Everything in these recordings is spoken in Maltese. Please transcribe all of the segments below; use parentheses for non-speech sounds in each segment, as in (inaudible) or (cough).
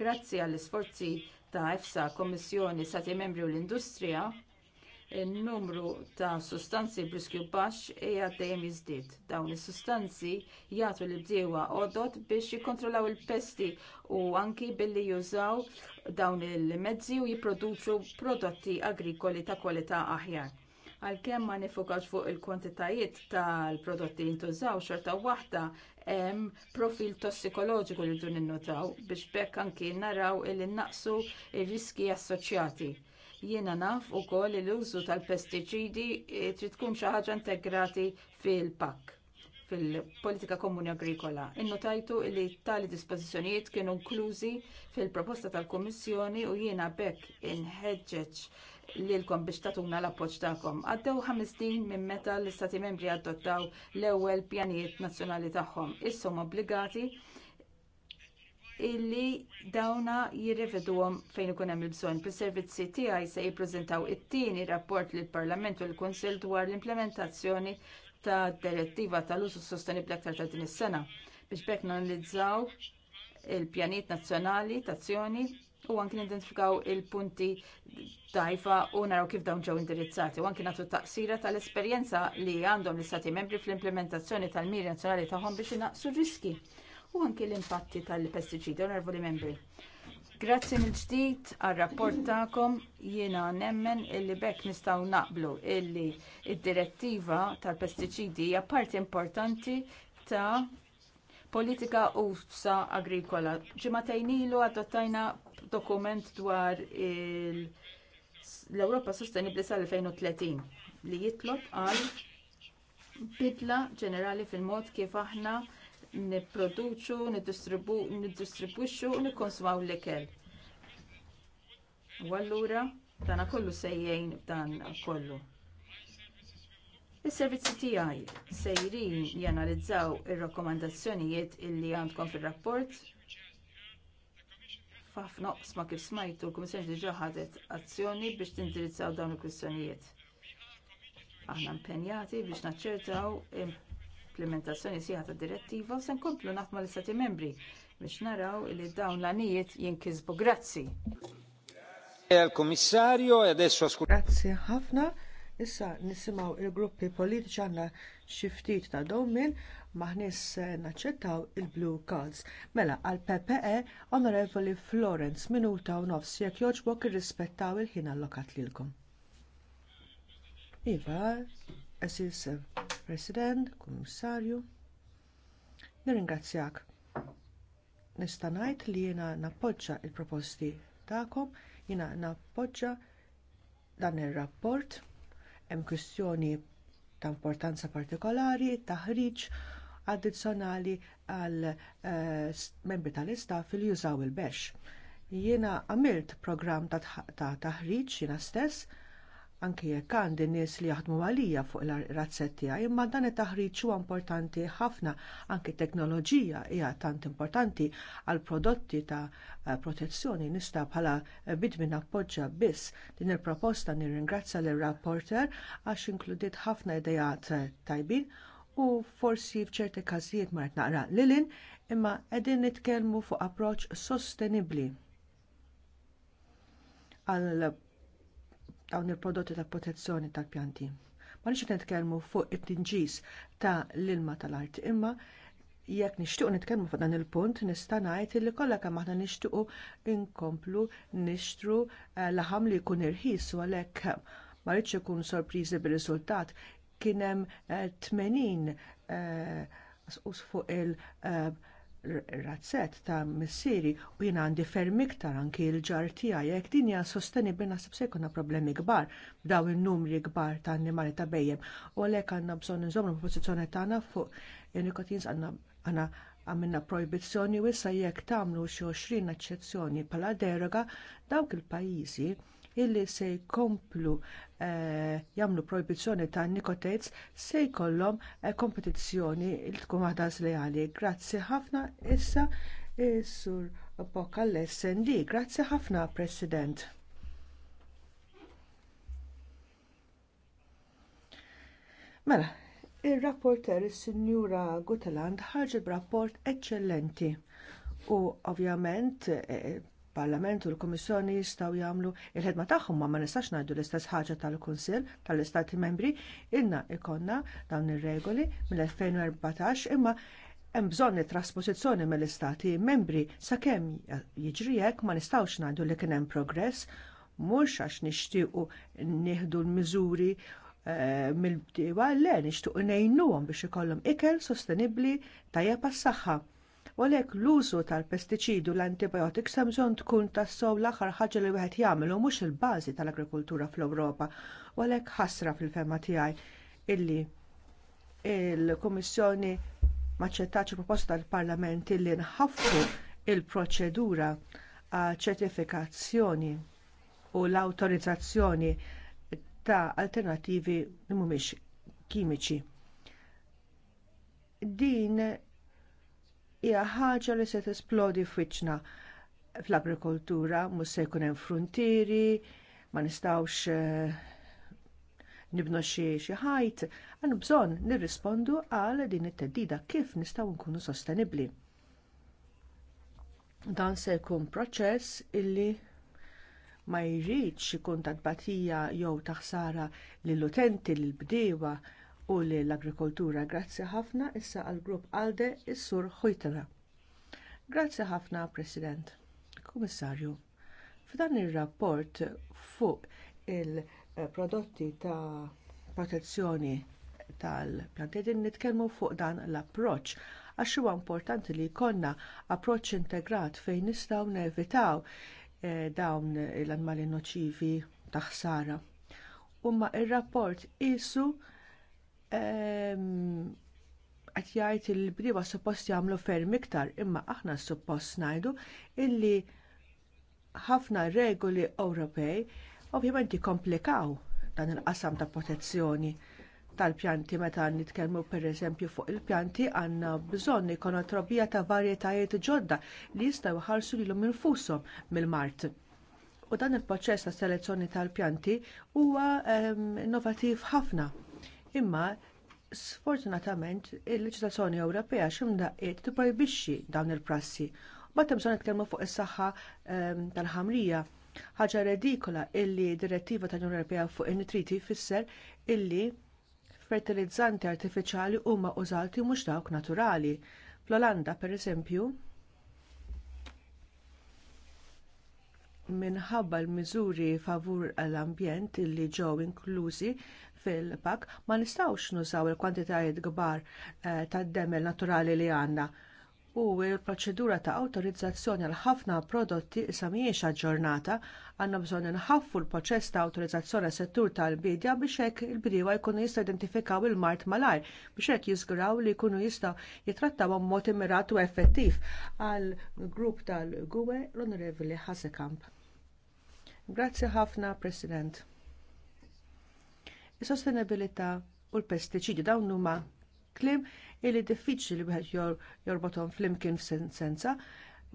Grazzi għall-isforzi ta' EFSA, kummissjoni Stati Membri u l-Industrija, il-numru ta' sustanzi briskju baxx hija dejjem jiżdied. Dawn is-sustanzi jagħtu l-bdiewa għodot biex jikkontrollaw il-pesti u anki billi jużaw dawn il-mezzi u jipproduċu prodotti agrikoli ta' kwalità aħjar Għalkemm ma nifukax fuq il-kwantitajiet tal-prodotti jintużaw xorta waħda hemm profil tossikoloġiku li dun innotaw biex bekk anki naraw illi naqsu ir-riski assoċjati. Jiena naf ukoll li l-użu tal-pestiċidi eh, trid tkun xi ħaġa integrati fil pak fil-politika komuni agrikola. Innotajtu li tali dispożizzjonijiet kienu inklużi fil-proposta tal kummissjoni u jiena bekk inħeġġeġ lilkom biex tatuna l-appoġġ ta'kom. Għaddew 50 minn meta l-Istati Membri adottaw l-ewwel pjanijiet nazzjonali tagħhom. Issom obbligati illi dawna jirreveduhom fejn ikun hemm il-bżonn. pil servizzi tiegħi se jippreżentaw it-tieni rapport lill parlament u l-Kunsill dwar l-implementazzjoni ta' direttiva tal-użu sostenibbli aktar ta' din is-sena biex bekk nanalizzaw il-pjanijiet nazzjonali tazzjoni u anki nidentifikaw il-punti dajfa u naraw kif dawn ġew indirizzati u anki nagħtu taqsira tal-esperjenza li għandhom l-istati membri fl-implementazzjoni tal-miri nazjonali taħħom biex naqsu r-riski u anki l-impatti tal-pestiċidi narvoli membri. Grazzi mill-ġdid għar rapport tagħkom jiena nemmen illi bekk nistgħu naqblu illi id-direttiva tal-pestiċidi hija parti importanti ta' politika ufsa agrikola. Ġimatajn ilu dokument dwar l-Europa Sostenibli sa' 2030 li jitlob għal bidla ġenerali fil-mod kif aħna nipproduċu, niddistribwixxu u nikkonsumaw l-ikel. U allura dana kollu sejjajn dan kollu. Is-servizzi tiegħi sejrin janalizzaw ir-rakkomandazzjonijiet illi għandkom fir-rapport f'ħafna ma kif smajtu l-Kummissjoni diġà ħadet azzjoni biex tindirizzaw dawn il-kwistjonijiet. Aħna impenjati biex naċċertaw implementazzjoni sieħa tad direttiva u se nkomplu naħdmu l-Istati membri biex naraw li dawn l-anijiet jinkisbu. Grazzi. Grazie ħafna. Issa nisimgħu l gruppi politiċi għandna xi ftit ta' dawmin maħnis naċċettaw il-blue cards. Mela għal PPE Onorevoli Florence minuta u nofs jekk jogħġbok irrispettaw il-ħin allokat lilkom. Iva, Assis President, Kummissarju, nirringrazzjak. Nista' ngħid li jiena nappoġġa l proposti tagħkom, jiena nappoġġa dan ir-rapport Hemm kwistjoni ta' importanza partikolari, taħriġ addizzjonali għal eh, membri tal-istaff li jużaw il-bex. Jiena għamilt programm ta' taħriġ jiena stess anke jekk għandi nies li jaħdmu għalija fuq il razzett tiegħi, imma dan it-taħriġ huwa importanti ħafna anke teknoloġija hija tant importanti għal prodotti ta' eh, protezzjoni nista' bħala eh, bidmi appoġġa biss din il-proposta nirringrazzja lir rapporter għax inkludiet ħafna idejat eh, tajbin u forsi f'ċerti każijiet mart naqra lilin imma qegħdin nitkellmu fuq approċċ sostenibbli għal dawn il-prodotti ta' protezzjoni tal-pjanti. Ma nix nitkellmu fuq it-tinġis ta' l-ilma tal-art imma jekk nixtiequ nitkellmu fuq dan il-punt nista' ngħid li kollha kemm aħna nixtiequ inkomplu nixtru eh, laħam li jkun irħis u għalhekk ma rridx ikun sorpriżi bir-riżultat kien hemm 80 eh, eh, fuq il- uh, razzett ta' missieri u jien għandi ferm iktar anki l-ġar tiegħi jekk din hija sostenibbli naħseb se jkunna problemi kbar b'daw in-numri kbar ta' annimali ta' bejjem u għalhekk għandna bżonn nżommu l-pożizzjoni tagħna fuq in-nikotins għandna għamilna projbizzjoni u issa jekk tagħmlu xi 20 eċċezzjoni bħala deroga dawk il-pajjiżi illi se jkomplu eh, jagħmlu proibizzjoni ta' nikotez se jkollhom eh, kompetizzjoni li tkun waħda żlejali. Grazzi ħafna issa is-sur eh, Bokka l-SND. Grazzi ħafna, President. Mela, ir rapporter is-Sinjura Guteland ħarġet b'rapport eċċellenti u ovvjament eh, parlament u l-Komissjoni jistgħu jagħmlu il-ħedma tagħhom ma ma nistax ngħidu l-istess ħaġa tal-Kunsill tal-Istati Membri inna ikonna dawn ir-regoli mill-2014 imma hemm bżonn trasposizzjoni mill-Istati Membri sakemm jiġri hekk ma nistgħux ngħidu li kien hemm progress mhux għax nixtiequ nieħdu l-miżuri eh, mill-bdiewa le nixtiequ ngħinuhom biex ikollhom ikel sostenibbli tajjeb għas-saħħa U għalhekk l-użu tal-pestiċidu l-antibiotics hemm bżonn tkun tassew l-aħħar ħaġa li wieħed jagħmel u mhux il-bażi tal-agrikoltura fl-Ewropa. U għalhekk ħasra fil-fema tiegħi illi il-Kummissjoni maċċettax proposta tal-Parlament illi nħaffu il-proċedura għal ċertifikazzjoni u l awtorizzazzjoni ta' alternattivi li mhumiex kimiċi. Din hija ħaġa li se tesplodi f'wiċċna fl-agrikoltura, mhux se jkun hemm fruntieri, ma nistgħux eh, nibnu xi ħajt, għandu bżonn nirrispondu għal din it-teddida kif nistgħu nkunu sostenibbli. Dan se jkun proċess illi ma jridx ikun ta' tbatija jew taħsara lill-utenti lill bdiewa u li l-agrikoltura. Grazzi ħafna issa għall grupp Alde is-Sur Hojtela. Grazzi ħafna, President. Kummissarju, f'dan ir-rapport fuq il-prodotti ta' protezzjoni tal plantedin nitkellmu fuq dan l-approċċ għax huwa importanti li jkollna approċċ integrat fejn nistgħu nevitaw eh, dawn l-annimali noċivi ta' ħsara. Imma ir-rapport isu Ehm, qed jgħid il-bdiewa suppost jagħmlu ferm iktar, imma aħna suppost ngħidu illi ħafna regoli Ewropej ovvjament jikkomplikaw dan il-qasam ta' protezzjoni tal-pjanti meta nitkellmu pereżempju fuq il-pjanti għandna bżonn ikonu trobija ta' varjetajiet ġodda li jistgħu jħarsu lilhom infushom mill-mart. U dan il-proċess ta' selezzjoni tal-pjanti huwa ehm, innovattiv ħafna imma sfortunatament il-leġislazzjoni Ewropea x'imdaqqiet tipprojbixxi dawn il-prassi. Batem son nitkellmu fuq is-saħħa ehm, tal-ħamrija. Ħaġa redikola illi direttiva tal-Unjoni Ewropea fuq in-nitriti jfisser illi fertilizzanti artifiċjali huma użati mhux dawk naturali. Fl-Olanda, pereżempju, minħabba l-miżuri favur għall ambjent illi ġew inklużi fil-pak ma nistgħux nużaw il-kwantitajiet kbar eh, tad-demel naturali li għandna u l-proċedura ta' awtorizzazzjoni għal ħafna prodotti issa mhijiex aġġornata, għandna bżonn inħaffu l-proċess ta' awtorizzazzjoni għas settur tal-bidja biex hekk il bidiewa jkunu jistgħu identifikaw il-mart malajr biex hekk jiżguraw li jkunu jistgħu jitrattaw mod immirat u effettiv għal grupp tal-Gwe l-Onorevoli Ħasekamp. Grazzi ħafna, President is-sostenibilità u l-pestiċidi dawn huma kliem illi diffiċli li wieħed jorbothom flimkien f'senza,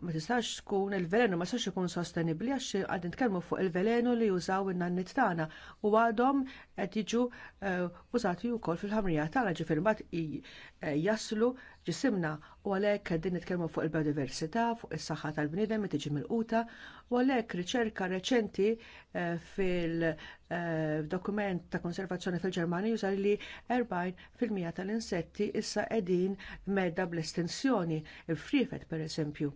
ma tistax tkun il-velenu ma tistax ikun sostenibbli għax għad nitkellmu fuq il-velenu li jużaw in-nannit tagħna u għadhom qed jiġu eh, użati wkoll fil-ħamrija tagħna ġifier mbagħad eh, jaslu ġisimna u għalhekk qegħdin nitkellmu fuq il-biodiversità, fuq is-saħħa tal-bniedem li tiġi milquta u għalhekk riċerka reċenti eh, fil-dokument ta' konservazzjoni fil-Ġermanja jużar li 40% tal-insetti issa qegħdin medda bl-estinzjoni, il-frifet pereżempju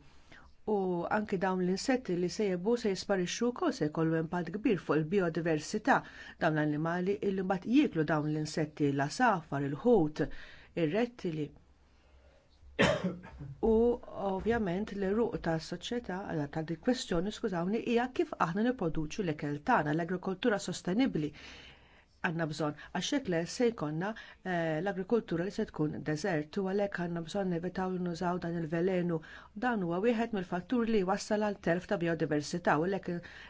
u anki dawn l-insetti li se jebu se jisparixxu wkoll se jkollu impatt kbir fuq il-biodiversità dawn l-annimali illi mbagħad jieklu dawn l-insetti l-asafar, il-ħut, ir-rettili. (coughs) u ovvjament l ruq tas soċjetà eh, ta' di kwestjoni skużawni hija kif aħna nipproduċu l-ekel tagħna l-agrikoltura sostenibbli għanna bżon. Għaxek le se jkonna eh, l-agrikoltura li se tkun desert u għalek għanna bżon nevitaw nużaw dan il-velenu. Dan huwa wieħed mill-fattur li wassal għal telf ta' biodiversità u lek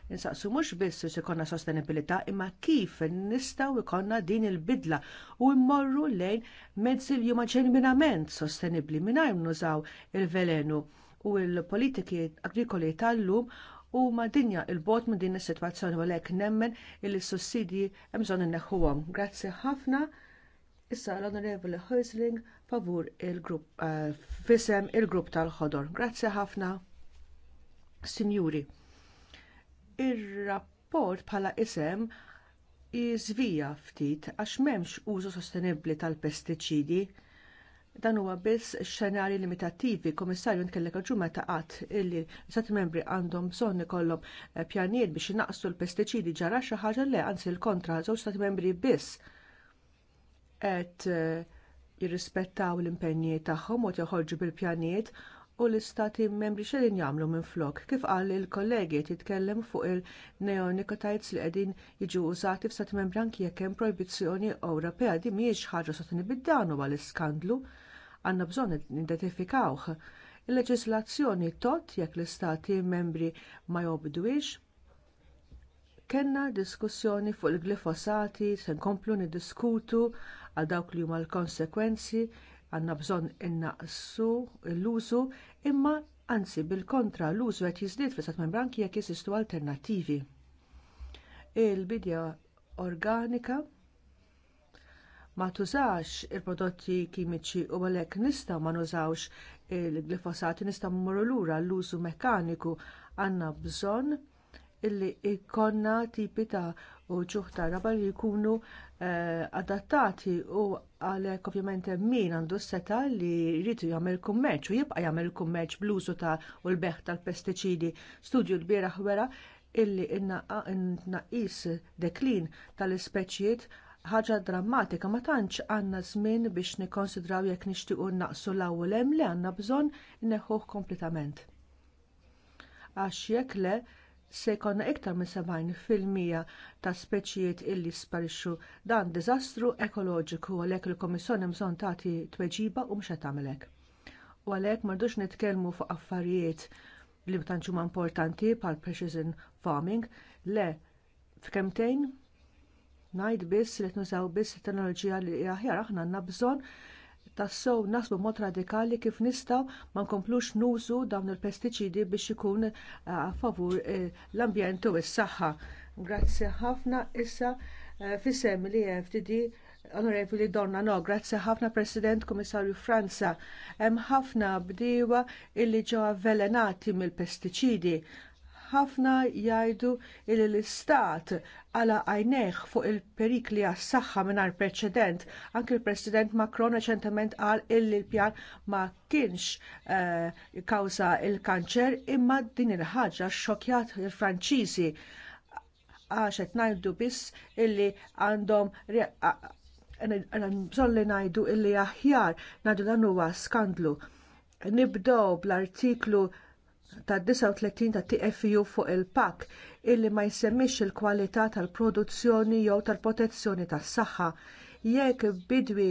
nsaqsu mux biss se jkollna sostenibilità imma kif nistaw jkollna din il-bidla u mmorru lejn mezzi li huma ġenwinament sostenibbli mingħajr nużaw il-velenu u l-politiki agrikoli tal-lum huma dinja il-bot minn din is-sitwazzjoni u lek nemmen il sussidji hemm bżonn inneħħuhom. Grazzi ħafna. Issa l-Onorevoli Heusling favur il-grupp uh, fisem il-grupp tal-ħodor. Grazzi ħafna. Sinjuri, ir-rapport bħala isem jiżvija ftit għax m'hemmx użu sostenibbli tal-pestiċidi Dan huwa biss xenari limitattivi, komissarju nkellek ġumma ta' qatt illi stati membri għandhom bżonn ikollhom eh, pjanijiet biex inaqsu l-pestiċidi ġara xi ħaġa le anzi l-kontra żewġ stati membri biss qed eh, jirrispettaw l-impenji tagħhom u joħorġu bil-pjanijiet u l-istati membri xedin jagħmlu minflok. Kif qal il-kollegi titkellem fuq il-neonikotajts li qegħdin jiġu użati f'stati membri anki jekk hemm projbizzjoni Ewropea di mhijiex ħaġa sostenibbli dan huwa l-iskandlu għandna bżonn identifikawħ Il-leġislazzjoni tot jekk l-istati membri ma jobdwix Kellna diskussjoni fuq il-glifosati, se nkomplu niddiskutu għal dawk li huma l-konsekwenzi għandna bżonn innaqsu l-użu imma anzi bil-kontra l-użu qed jiżdied fissat membranki jekk jeżistu alternattivi. Il-bidja organika ma tużax il-prodotti kimiċi u għalhekk nistgħu ma nużawx il-glifosati nista' mmorru lura l-użu mekkaniku għandna bżonn illi jkollna tipi ta' u ġuħta raba li jkunu eh, adattati u għalhekk ovvjament min għandu seta li jridu jagħmel kummerċ u jibqa' jagħmel kummerċ bl-użu ta' u l-beħ tal-pestiċidi. Studju l-bieraħ wera illi innaqis deklin tal-ispeċijiet ħaġa drammatika ma tantx għandna żmien biex nikkonsidraw jekk nixtiequ naqsu l-ewwel hemm li għandna bżonn inneħħuh kompletament. Għax jekk le se jkollna iktar minn 70 fil-mija ta' speċijiet illi sparixxu dan diżastru ekoloġiku għalhekk il-Komissjoni bżonn tagħti tweġiba u mhux qed tagħmelek. U għalhekk m'għandux nitkellmu fuq affarijiet li tantx huma importanti bħal precision farming, le f'kemmtejn ngħid biss li nużaw biss t teknoloġija li aħjar aħna għandna bżonn tassew nasbu mod radikali kif nistgħu ma nkomplux nużu dawn il-pestiċidi biex ikun eh, a favur eh, l-ambjent u s-saħħa. Grazzi ħafna issa eh, fisem li FTD Onorevoli Donna, no, grazzi ħafna President Komissarju Franza. Hemm ħafna bdiewa illi ġew avvelenati mill-pestiċidi ħafna jgħidu li l-istat għala għajneħ fuq il-perikli għas-saħħa mingħajr preċedent. Anki l-President Macron reċentement qal illi l-pjan ma kienx eh, kawża l kanċer imma din il-ħaġa xokjat il-Franċiżi għax qed ngħidu biss illi għandhom bżolli ngħidu illi aħjar ngħidu dan huwa skandlu. Nibdew bl-artiklu ta' 39 ta' TFU fuq il-pak illi ma jsemmix il-kwalità tal-produzzjoni jew tal-protezzjoni tas-saħħa. Jekk bidwi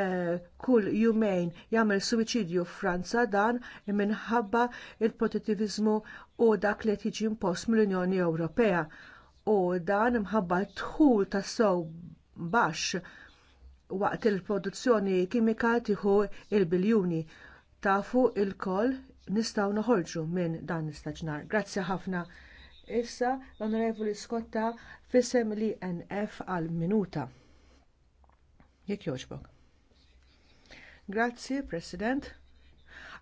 eh, kull jumejn jagħmel suwiċidju f'Franza dan minħabba l protettivizmu u dak li tiġi impost mill-Unjoni Ewropea. U dan imħabba t-dħul tas sew baxx waqt il-produzzjoni kimika tieħu l biljuni Tafu lkoll nistgħu noħolġu minn dan l-istaġnar. Grazzi ħafna. Issa l-Onorevoli Skotta fissem li NF għal minuta. Jekk jogħġbok. Grazzi, President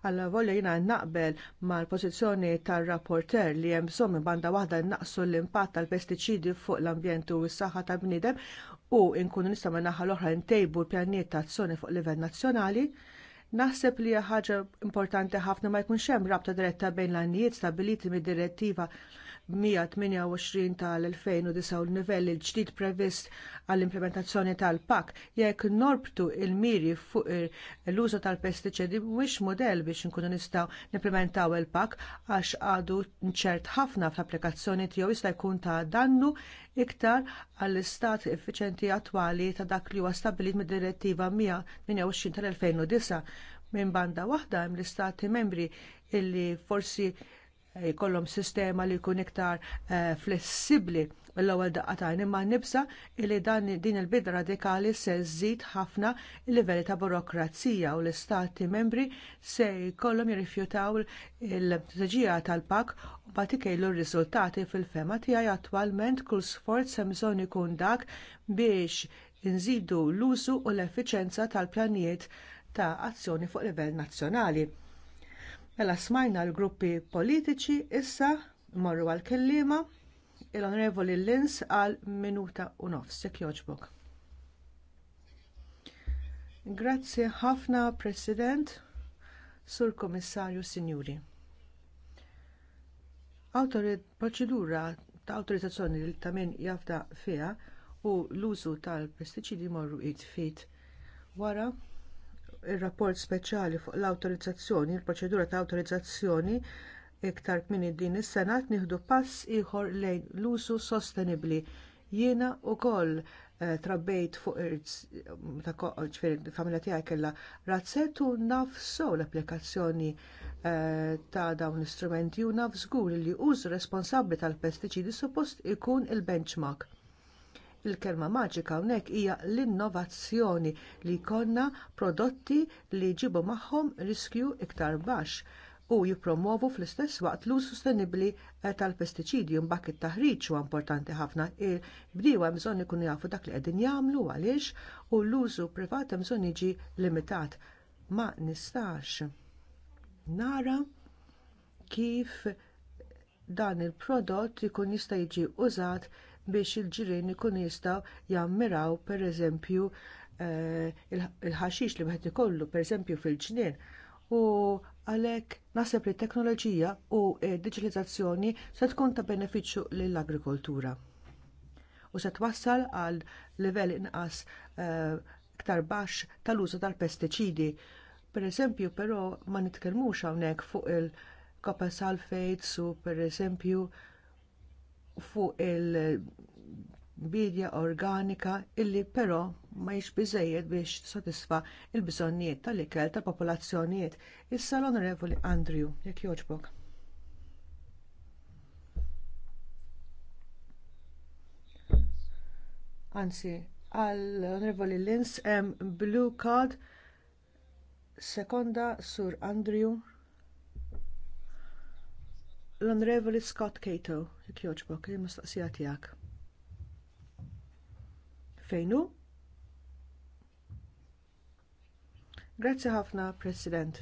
Alla volja jina naqbel mal pożizzjoni tar rapporter li hemm bżonn banda waħda naqsu l-impatt tal-pestiċidi fuq l-ambjent u s-saħħa tal-bniedem u nkunu nistgħu naħa l-oħra ntejbu l-pjaniet ta' azzjoni fuq livell nazzjonali Naħseb li ħaġa importanti ħafna ma jkunx hemm rabta diretta bejn l-għannijiet stabiliti mid-direttiva 128 tal-2009 l-nivell il-ġdid previst għall-implementazzjoni tal-PAK jekk norbtu l miri fuq l-użu tal-pestiċedi mhuwiex mudell biex inkunu nistgħu nimplementaw il-PAK għax għadu nċert ħafna fl-applikazzjoni tiegħu jista' jkun ta' dannu iktar għall-istat effiċenti attwali ta' dak li huwa stabbilit mid-direttiva 128 tal-2009 minn banda waħda hemm l-istati membri illi forsi jkollhom eh, sistema li jkun iktar eh, flessibbli l-ewwel daqqatajn imma nibsa li dan din il-bidra radikali se żżid ħafna livelli ta' burokrazija u l-istati membri se jkollhom jirrifjutaw il-strateġija tal-pak u bagħad ikejlu r-riżultati fil-fema tiegħi attwalment kull sforz hemm bżonn ikun dak biex inżidu l-użu u l-effiċenza tal-pjanijiet ta' azzjoni fuq livell nazzjonali. Mela smajna l-gruppi politiċi issa morru għal kelliema il-Onorevoli Lins għal minuta u nofs, jekk jogħġbok. Grazzi ħafna, President, Sur Komissarju Sinjuri. Proċedura ta' awtorizzazzjoni li ta' min jafda fiha u l-użu tal-pestiċidi morru id-fit wara ir-rapport speċjali fuq l-awtorizzazzjoni, il-proċedura ta' awtorizzazzjoni iktar kmieni din is-sena nieħdu pass ieħor lejn l-użu sostenibbli. Jiena wkoll eh, trabbejt fuq ta' familja tiegħi kellha razzet u naf sew l-applikazzjoni eh, ta' dawn l-istrumenti u naf żgur li użu responsabbli tal-pestiċidi suppost ikun il-benchmark il-kelma maġika hawnhekk hija l-innovazzjoni li jkollna prodotti li jġibu magħhom riskju iktar baxx u jippromovu fl-istess waqt l użu sostenibbli eh, tal-pestiċidi mbagħad it-taħriġ huwa importanti ħafna il bdiwa hemm bżonn ikunu jafu dak li qegħdin jagħmlu għaliex u l-użu privat hemm bżonn jiġi limitat. Ma nistax nara kif dan il-prodott ikun jista' jiġi użat biex il-ġirien ikun jistgħu jammiraw pereżempju eh, il-ħaxix li meħed ikollu pereżempju fil-ġnien u għalhekk naħseb li t teknoloġija u d-diġitalizzazzjoni se tkun ta' benefiċċju lill agrikoltura u se twassal għal livell inqas eh, iktar baxx tal-użu tal-pestiċidi. Pereżempju però ma nitkellmux hawnhekk fuq il-copper sulfates u pereżempju fuq il-bidja organika illi però ma jiex biżejjed biex tisodisfa l bżonnijiet tal-ikel tal popolazzjonijiet. Issa l-Onorevoli Andrew, jekk jogħġbok. Anzi, għall-Onorevoli Lins hemm Blue Card seconda sur Andrew. L-Onorevoli Scott Cato, jogħġbok, il-mistoqsija tiegħek. Fejn hu? Grazzi ħafna, President.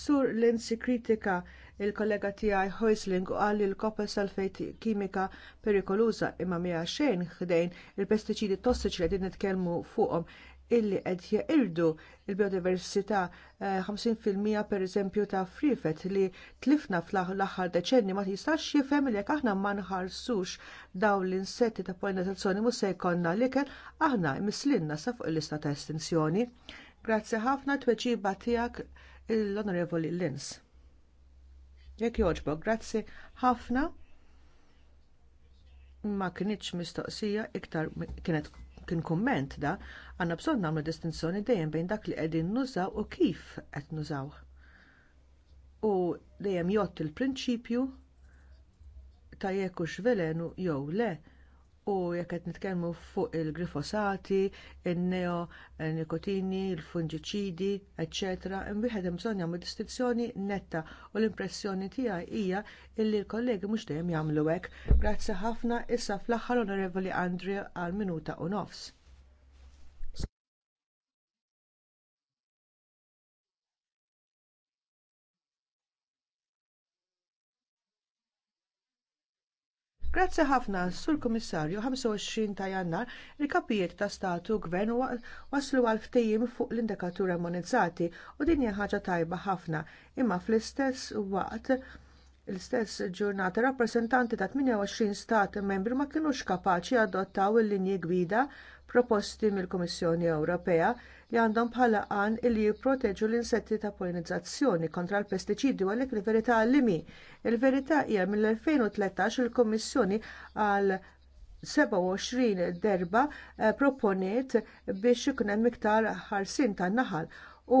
Sur Lindsay kritika il-kollega tiegħi Hoisling u qal li l-koppel salfejt kimika perikoluża imma mija xejn ħdejn il-pestiċidi tossiċi li qegħdin nitkellmu fuqhom illi qed jeqirdu il-biodiversità 50% eh, pereżempju ta' frifet li tlifna fl-aħħar deċenni ma tistax jifhem li jekk aħna ma nħarsux dawn l-insetti ta' pollinizzazzjoni mhux se jkollna l-ikel aħna mislinna sa fuq il-lista ta' estinzjoni. Grazzi ħafna tweġiba tiegħek l-Onorevoli Lins. Jekk jogħġbok, grazzi ħafna ma kinitx mistoqsija iktar kienet kien kumment da, għandna bżonn nagħmlu distinzjoni dejjem bejn dak li qegħdin nużaw u kif qed nużaw. U dejjem jgħod il-prinċipju ta' jekk hux velenu jew le u jekk qed nitkellmu fuq il-glifosati, il-neonikotini, il-fungiċidi, eċetera, imbieħed hemm bżonn jagħmlu distinzjoni netta u l-impressjoni tiegħi hija illi l-kollegi mhux dejjem jagħmlu hekk. Grazzi ħafna issa fl-aħħar Onorevoli Andrew għal minuta u nofs. Grazzi ħafna, Sur Komissarju, 25 ta' jannar, il-kapijiet ta' statu gvern waslu għal ftejim fuq l-indikatura monizzati u din hija ħaġa tajba ħafna, imma fl-istess waqt l-istess ġurnata rappreżentanti ta' 28 stat membri ma kinux kapaċi adottaw il-linji gwida proposti mill-Kummissjoni Ewropea li għandhom bħala għan li jipproteġu l-insetti ta' polinizzazzjoni kontra l-pestiċidi u għalhekk il-verità għallimi. Il-verità hija mill-2013 il-Kummissjoni għal 27 derba eh, proponiet biex ikun hemm iktar ħarsien tan-naħal u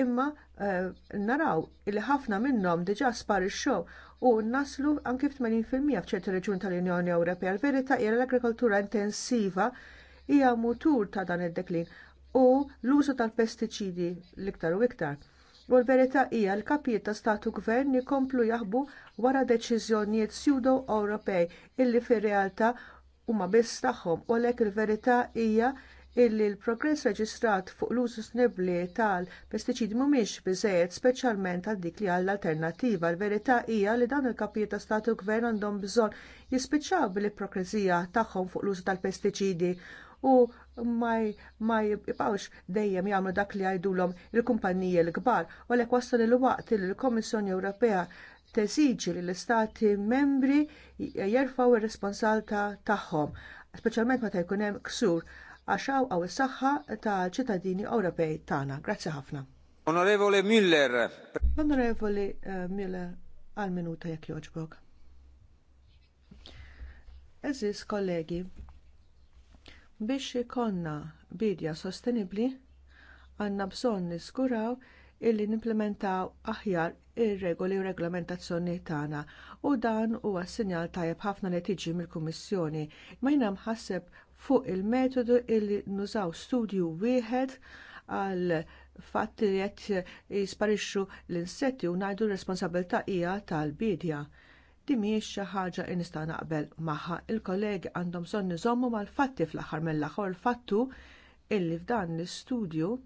imma eh, naraw li ħafna minnhom diġà sparixxew u naslu anke f'80% f'ċerti reġjun tal-Unjoni Ewropea. L-verità hija l-agrikoltura intensiva hija mutur ta' dan id-deklin u l-użu tal-pestiċidi l-iktar u iktar. U l-verità hija l-kapijiet ta' statu gvern jikomplu jaħbu wara deċiżjonijiet pseudo Ewropej illi fir-realtà huma biss tagħhom u għalhekk il-verità hija illi l-progress reġistrat fuq l-użu snibbli tal-pestiċidi mhumiex biżżejjed speċjalment għal dik li għall alternattiva L-verità hija li dawn il-kapijiet ta' statu gvern għandhom bżonn jispiċċaw bil-iprokrizija tagħhom fuq l-użu tal-pestiċidi u ma jibqawx dejjem jagħmlu dak li jgħidulhom il-kumpaniji l-kbar u għalhekk wasal il-waqt li l komissjoni Ewropea teżiġi li l-istati membri jerfaw ir responsalta tagħhom, speċjalment meta jkun hemm ksur għax għaw is-saħħa ta' ċittadini Ewropej tagħna. Grazzi ħafna. Onorevole Miller. Onorevoli eh, Miller, għal minuta jekk jogħġbok. Eżis kollegi, biex ikonna bidja sostenibbli għandna bżonn niskuraw illi nimplementaw aħjar ir-regoli u reglamentazzjoni tagħna u dan huwa sinjal tajjeb ħafna li tiġi mill-Kummissjoni. Ma jiena mħasseb fuq il-metodu illi nużaw studju wieħed għal fatt li qed jisparixxu l-insetti u ngħidu r-responsabilità hija tal-bidja. Di mhijiex xi ħaġa li nista' naqbel magħha. Il-kollegi għandhom bżonn iżommu mal-fatti fl-aħħar mill-aħħar fattu illi f'dan l-istudju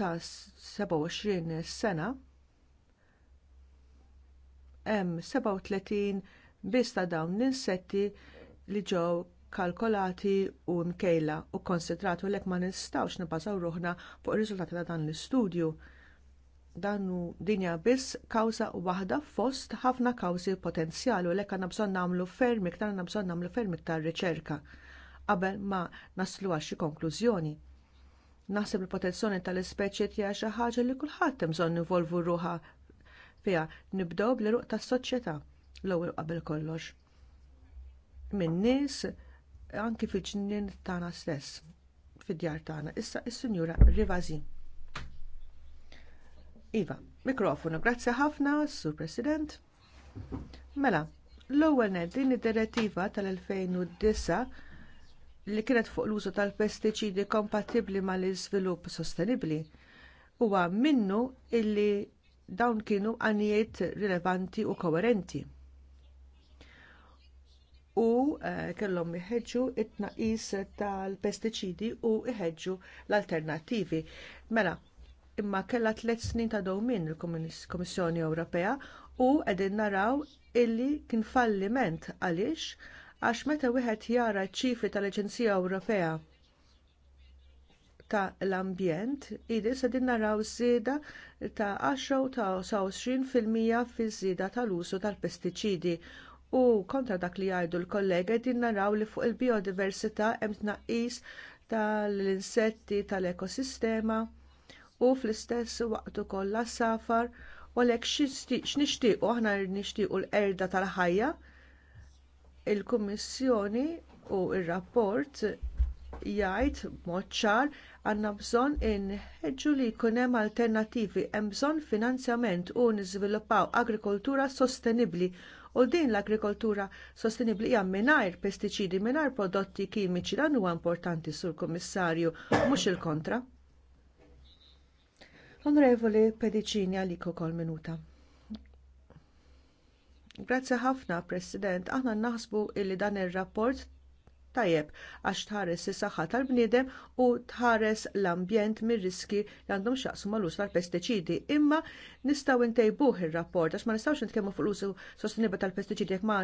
ta' 27 sena hemm 37 biss ta' dawn l-insetti li ġew kalkolati u mkejla u konsidratu lek ma nistgħux nibbażaw ruħna fuq ir-riżultati ta' dan l-istudju. Dan hu dinja biss kawża waħda fost ħafna kawżi potenzjali u lek għandna bżonn nagħmlu ferm iktar għandna namlu nagħmlu ferm iktar riċerka qabel ma naslu għal xi konklużjoni. Naħseb il-protezzjoni tal-ispeċi tija xi ħaġa li kulħadd hemm bżonn nivolvu ruha fiha nibdew bl-eruq tas-soċjetà l-ewwel qabel kollox. Min nies anki fil-ġnien tagħna stess fid-djar tagħna. Issa is-Sinjura Rivazi. Iva, mikrofonu, grazzi ħafna, Sur President. Mela, l-ewwel din id-direttiva tal-2009 li kienet fuq l-użu tal-pestiċidi kompatibbli mal-iżvilupp sostenibbli huwa minnu illi dawn kienu għanijiet rilevanti u koherenti. U eh, kellhom iħeġġu it tnaqqis tal-pestiċidi u iħeġġu l-alternattivi. Mela, imma kellha tliet snin ta' dowmin il-Kummissjoni Ewropea u qegħdin naraw illi kien falliment għaliex għax meta wieħed jara ċifri tal-Aġenzija Ewropea ta' l-ambjent, idi se din naraw żieda ta' 10 ta' 20% fi żieda tal-usu tal-pestiċidi u kontra dak li jgħidu l-kollega din naraw li fuq il-biodiversità hemm tnaqqis tal-insetti tal-ekosistema u fl-istess waqt ukoll safar u għalhekk x'nixtiequ aħna nixtiequ l-erda tal-ħajja Il-Kummissjoni u r il rapport jgħid b'mod ċar għandna bżonn inħeġġu li jkun hemm alternattivi, hemm bżonn finanzjament u niżviluppaw agrikoltura sostenibbli u din l-agrikoltura sostenibbli hija mingħajr pestiċidi, mingħajr prodotti kimiċi dan huwa importanti sur Kummissarju, mhux il-kontra. Onorevoli Pedicini għalik ukoll minuta. Grazzi ħafna, President. Aħna naħsbu illi dan ir-rapport tajjeb għax tħares is-saħħa tal-bniedem u tħares l-ambjent mir-riski li għandhom xaqsu mal-uż tal-pestiċidi. Imma nistgħu ntejbuh ir-rapport għax ma nistawx nitkemmu fuq l-użu sostenibba tal-pestiċidi jekk ma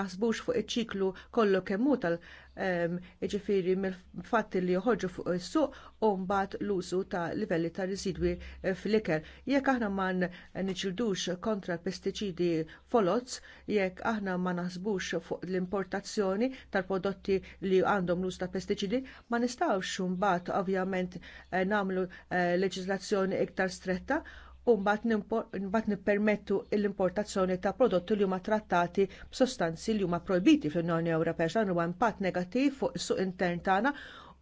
naħsbux fuq iċ-ċiklu kollu kemm hu tal-pestiċidi Ehm, ġifiri mill-fatt li joħorġu fuq is-suq u mbagħad l-użu ta' livelli ta' residwi eh, fl-ikel. Jekk aħna ma niġildux kontra pestiċidi folots, jekk aħna ma naħsbux fuq l-importazzjoni tal-prodotti li għandhom l użu ta' pestiċidi, ma nistgħux mbagħad ovvjament eh, nagħmlu eh, leġiżlazzjoni iktar stretta u mbagħad nippermettu l-importazzjoni ta' prodotti li huma trattati b'sostanzi li huma projbiti fl-Unjoni Ewropea dan huwa impatt negattiv fuq is-suq intern tagħna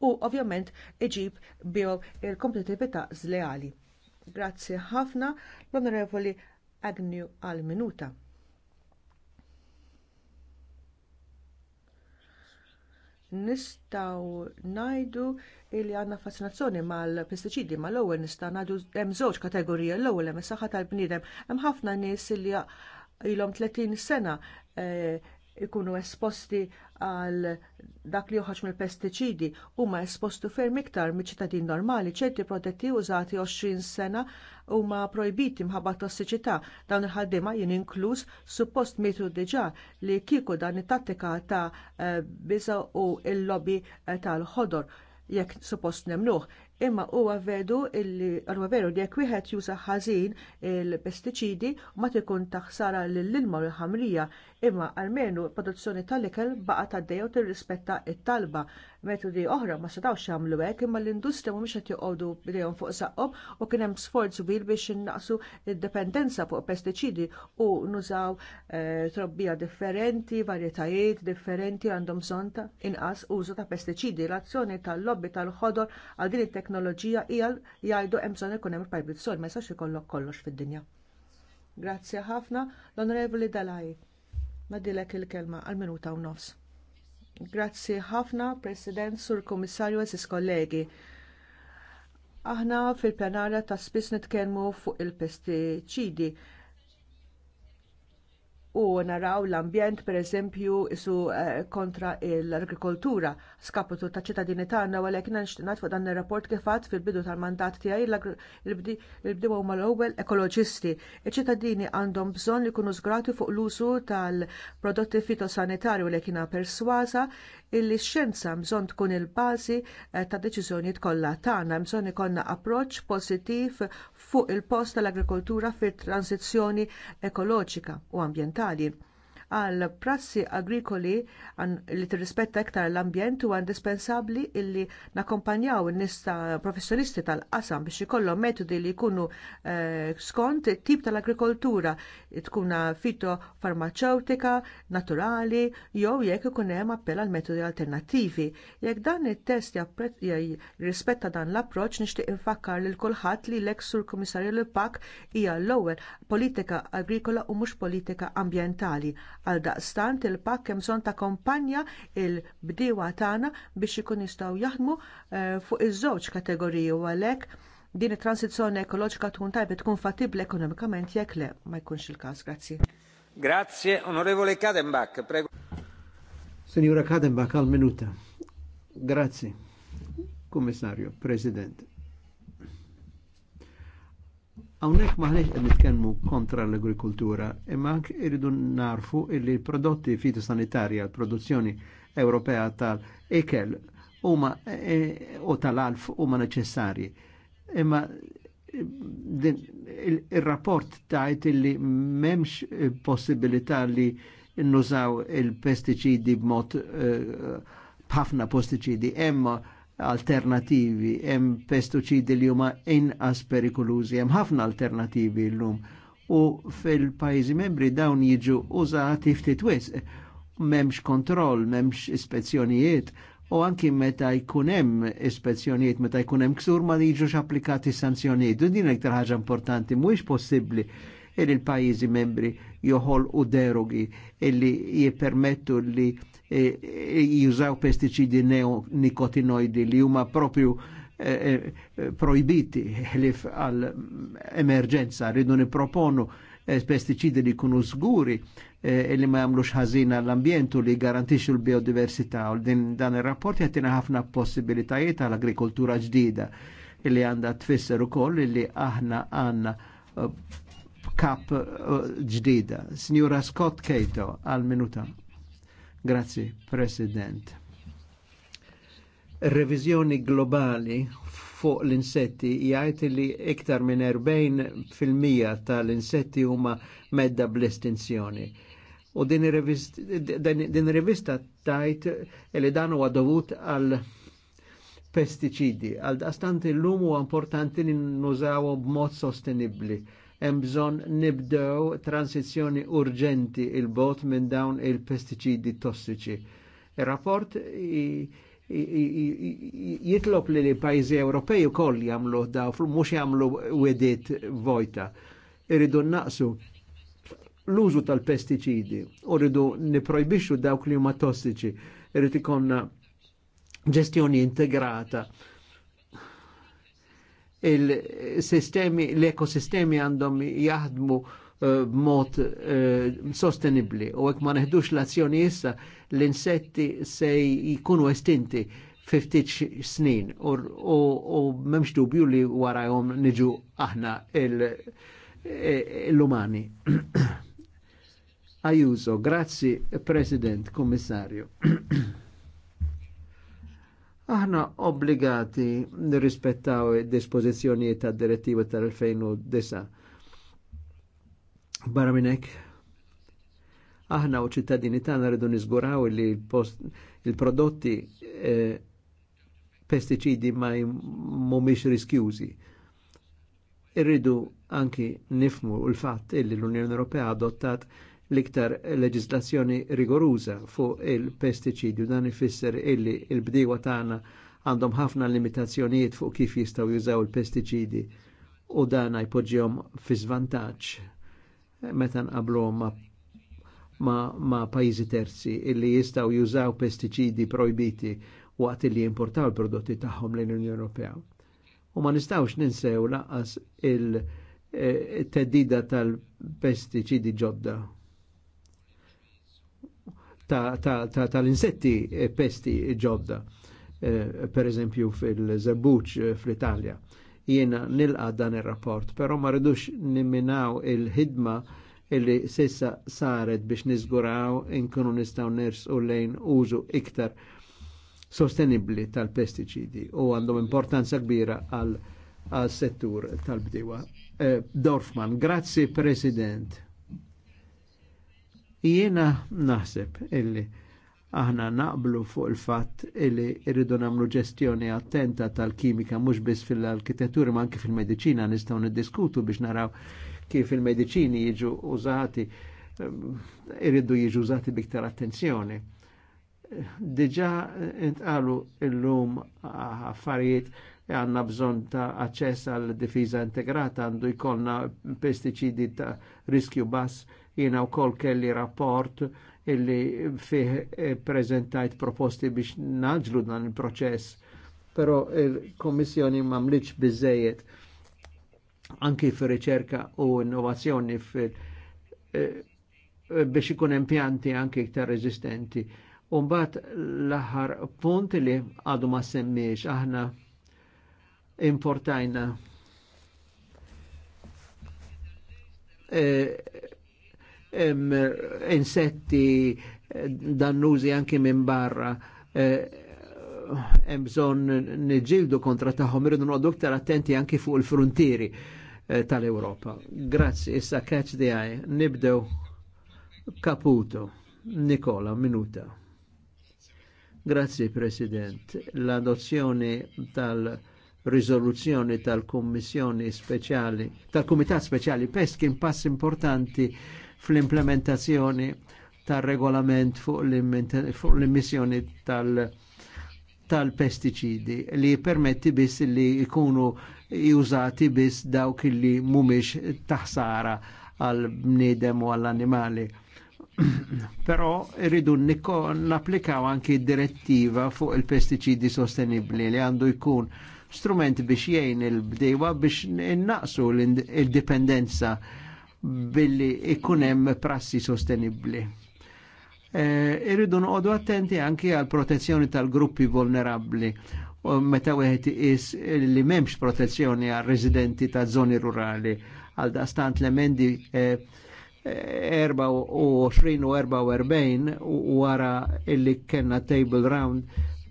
u ovvjament iġib bihom il-kompetitività żleali. Grazzi ħafna l-Onorevoli Agnew għal minuta. nistgħu ngħidu li għandna fascinazzjoni mal-pestiċidi mal-ewwel nistgħu ngħidu hemm żewġ kategorija l-ewwel hemm is-saħħa tal-bniedem hemm ħafna nies li ilhom 30 sena eh, ikunu esposti għal dak li joħroġ mill pestiċidi huma esposti ferm iktar miċ ċittadin normali ċerti protetti użati 20 sena huma projbiti mħabba tossiċità dawn il-ħaddiema jien inkluż suppost mitu diġà li kieku dan it-tattika ta' eh, biża u l-lobby eh, tal-ħodor jekk suppost nemnuh imma huwa vedu illi huwa veru li jekk wieħed juża ħażin il-pestiċidi ma tikun taħsara lill-ilma u l-ħamrija imma għalmenu produzzjoni tal-ikel baqa tad-deja u tirrispetta t talba Metodi oħra ma setawx jagħmlu hekk imma l-industrija mhumiex qed joqogħdu bdejhom fuq saqob u kien hemm sforz kbir biex innaqsu d-dipendenza fuq pestiċidi u nużaw eh, trobbija differenti, varjetajiet differenti għandhom bżonn ta' inqas użu ta' pestiċidi. L-azzjoni tal-lobby tal-ħodor għal din it-teknoloġija hija jgħidu hemm bżonn ikun hemm il-pajbit sol ma jistax ikollok kollox fid-dinja. Grazzi ħafna l-Onorevoli Dalaj madilek il-kelma għal-minuta u nofs. Grazzi ħafna, President, Sur Komissarju, Eżis kollegi. Aħna fil-plenarja ta' spiss nitkellmu fuq il-pestiċidi u naraw l-ambjent pereżempju isu eh, kontra l-agrikoltura skapitu ta' ċittadini tagħna u għalhekk nixtinat fuq dan ir-rapport kif għad fil-bidu tal-mandat tiegħi il-bdew huma l-ewwel ekoloġisti. Iċ-ċittadini għandhom bżonn li jkunu żgrati fuq l-użu tal-prodotti fitosanitarju li kiena perswasa illi x-xjenza bżonn tkun il-bażi eh, ta' deċiżjonijiet kollha tagħna bżonn ikollna approċċ pożittiv fuq il-post tal-agrikoltura fit-transizzjoni ekoloġika u ambjentali legali għal prassi agrikoli li tirrispetta iktar l-ambjent huwa indispensabbli illi nakkompanjaw in-nies professjonisti tal-qasam biex ikollhom metodi li jkunu eh, skont it tip tal-agrikoltura tkun fito farmaceutika, naturali, jew jekk ikun hemm appell għal metodi alternattivi. Jekk dan it-test jirrispetta dan l-approċċ nixtieq infakkar lil kulħadd li l ex sur Kummissarju l-Pak hija l-ewwel politika agrikola u mhux politika ambjentali Għal daqstant il-pakk hemm bżonn ta' kompanja il-bdiewa tagħna biex ikun jistgħu jaħdmu eh, fuq iż-żewġ kategoriji u għalhekk din it-transizzjoni ekoloġika tkun tajba tkun fattibbli ekonomikament jekk le ma jkunx il-każ. Grazzi. Grazie, onorevole Kadenbach, prego. Signora Kadenbach, al minuta. Grazie. Commissario, President. Hawnhekk maħniex qed nitkellmu kontra l-agrikultura, imma għank irridu narfu illi prodotti fitosanitarja, produzzjoni Ewropea tal-ekel eh, u tal-alf u ma neċessarji. Imma eh, il-rapport tajt illi memx eh, possibilità li nużaw il-pestiċidi b'mod b'ħafna pestiċidi, hemm alternativi, hemm pestiċidi li huma inqas perikolużi, hemm ħafna alternativi llum. U fil-pajjiżi membri dawn jiġu użati ftit wisq, m'hemmx kontroll, m'hemmx ispezzjonijiet, u anki meta jkun hemm ispezzjonijiet, meta jkun hemm ksur ma jiġux applikati sanzjonijiet. U din iktar ħaġa importanti, mhuwiex possibbli il il-pajizi membri joħol u derogi illi jipermettu li e, e, jużaw pesticidi neonicotinoidi li huma propju e, proibiti projbiti ħlif għal emerġenza rridu niproponu pesticidi li kunu zguri eh, li ma jamlux ħażin għall-ambjentu li garantixxu l-biodiversità u din dan ir-rapport jagħtina ħafna possibilitajiet għal agrikoltura ġdida li għandha tfisser ukoll li aħna għandna kap eh, ġdida. Signora Scott Cato, għal minuta. Grazzi, President. Revizjoni globali fuq l-insetti jgħajt li iktar minn 40% tal-insetti huma medda bl-estinzjoni. U din rivista tajt li dan huwa dovut għal pesticidi. Għal l-lum u importanti li b-mod sostenibli hemm bżonn nibdew transizjoni urġenti il-bot minn dawn il-pestiċidi tossiċi. Il-rapport jitlob li li pajzi Ewropej ukoll jagħmlu daw, mhux jagħmlu wedit vojta. Irridu naqsu l-użu tal-pestiċidi u rridu niprojbixxu dawk li huma tossiċi, irrid ikonna ġestjoni integrata il-sistemi, l-ekosistemi għandhom jaħdmu eh, b'mod uh, sostenibli u għek ma neħdux l-azzjoni issa l-insetti se jkunu estinti 50 snin u memx dubju li warajom niġu aħna eh, l-umani. (coughs) Ajuso, grazzi President, Kommissarju. (coughs) Aħna obbligati nirrispettaw il dispożizzjonijiet ta' direttiva tal-2009. Barra minnek, aħna u ċittadini tagħna rridu nizguraw li il-prodotti e, pesticidi ma mhumiex riskjużi. Irridu anki nifmu l fat illi l-Unjoni Ewropea adottat l-iktar leġislazzjoni rigoruża fuq il-pestiċidju dan ifisser illi il-bdiewa tagħna għandhom ħafna limitazzjonijiet fuq kif jistgħu jużaw il-pestiċidi u dan jpoġġihom fi żvantaġġ meta nqablhom ma, ma, ma pajjiżi terzi illi jistgħu jużaw pestiċidi projbiti waqt li jimportaw il-prodotti tagħhom l-Unjoni Ewropea. U ma nistgħux ninsew laqas il-teddida eh, tal-pestiċidi ġodda tal-insetti e pesti ġodda, e, per eżempju fil zebuċ e, fl-Italja. Jiena nilqa dan ir-rapport, però ma rridux nimminaw il-ħidma illi sissa saret biex nizguraw inkunu nistaw ners u lejn użu iktar sostenibli tal-pesticidi u għandhom importanza kbira għal settur tal-bdiwa. Dorfman, grazzi President. Jiena naħseb illi aħna naqblu fuq il-fatt illi irridu nagħmlu ġestjoni attenta tal-kimika mhux biss fil-arkitettura ma anke fil-mediċina nistgħu niddiskutu biex naraw kif il-mediċini jiġu użati eh, irridu jiġu użati biktar attenzjoni. Diġà intqalu illum affarijiet għanna bżon ta' aċċess għal difiża integrata għandu jkollna pestiċidi ta' riskju bass Jina u kol kelli rapport illi fih eh, prezentajt proposti biex naġlu dan il-proċess, pero il-Komissjoni mamliċ bizzejiet anki fi riċerka u innovazzjoni fil eh, biex ikun impjanti anki iktar rezistenti. Umbat l-aħħar punt li għadu ma semmiex, aħna importajna eh, insetti eh, dannużi anki minn barra hemm eh, bżonn niġġieldu kontra tagħhom irridu noqgħdu iktar attenti anki fuq il-fruntieri eh, tal-Ewropa. Grazzi, issa catch the eye. Nibdew Caputo, Nicola, minuta. Grazzi President. L-adozzjoni tal-riżoluzzjoni tal-Kummissjoni Speċjali, tal-Kumitat Speċjali peschi kien pass importanti fl-implementazzjoni tal-regolament fuq l-immissjoni tal- regolament fuq l immissjoni tal tal li permetti biss li jkunu jużati biss dawk li mumiex taħsara għal bniedem u għall animali (clears throat) Però irridu napplikaw anki direttiva fuq il-pesticidi sostenibli li għandu jkun strument biex jgħin il-bdejwa biex innaqsu l-indipendenza il billi ikunem prassi sostenibli. Irridu e, noqogħdu attenti anki għal protezzjoni tal-gruppi vulnerabbli meta wieħed is li memx protezzjoni għal residenti ta' zoni rurali għal dastant l-emendi eh, 24 u 44 wara illi kena table round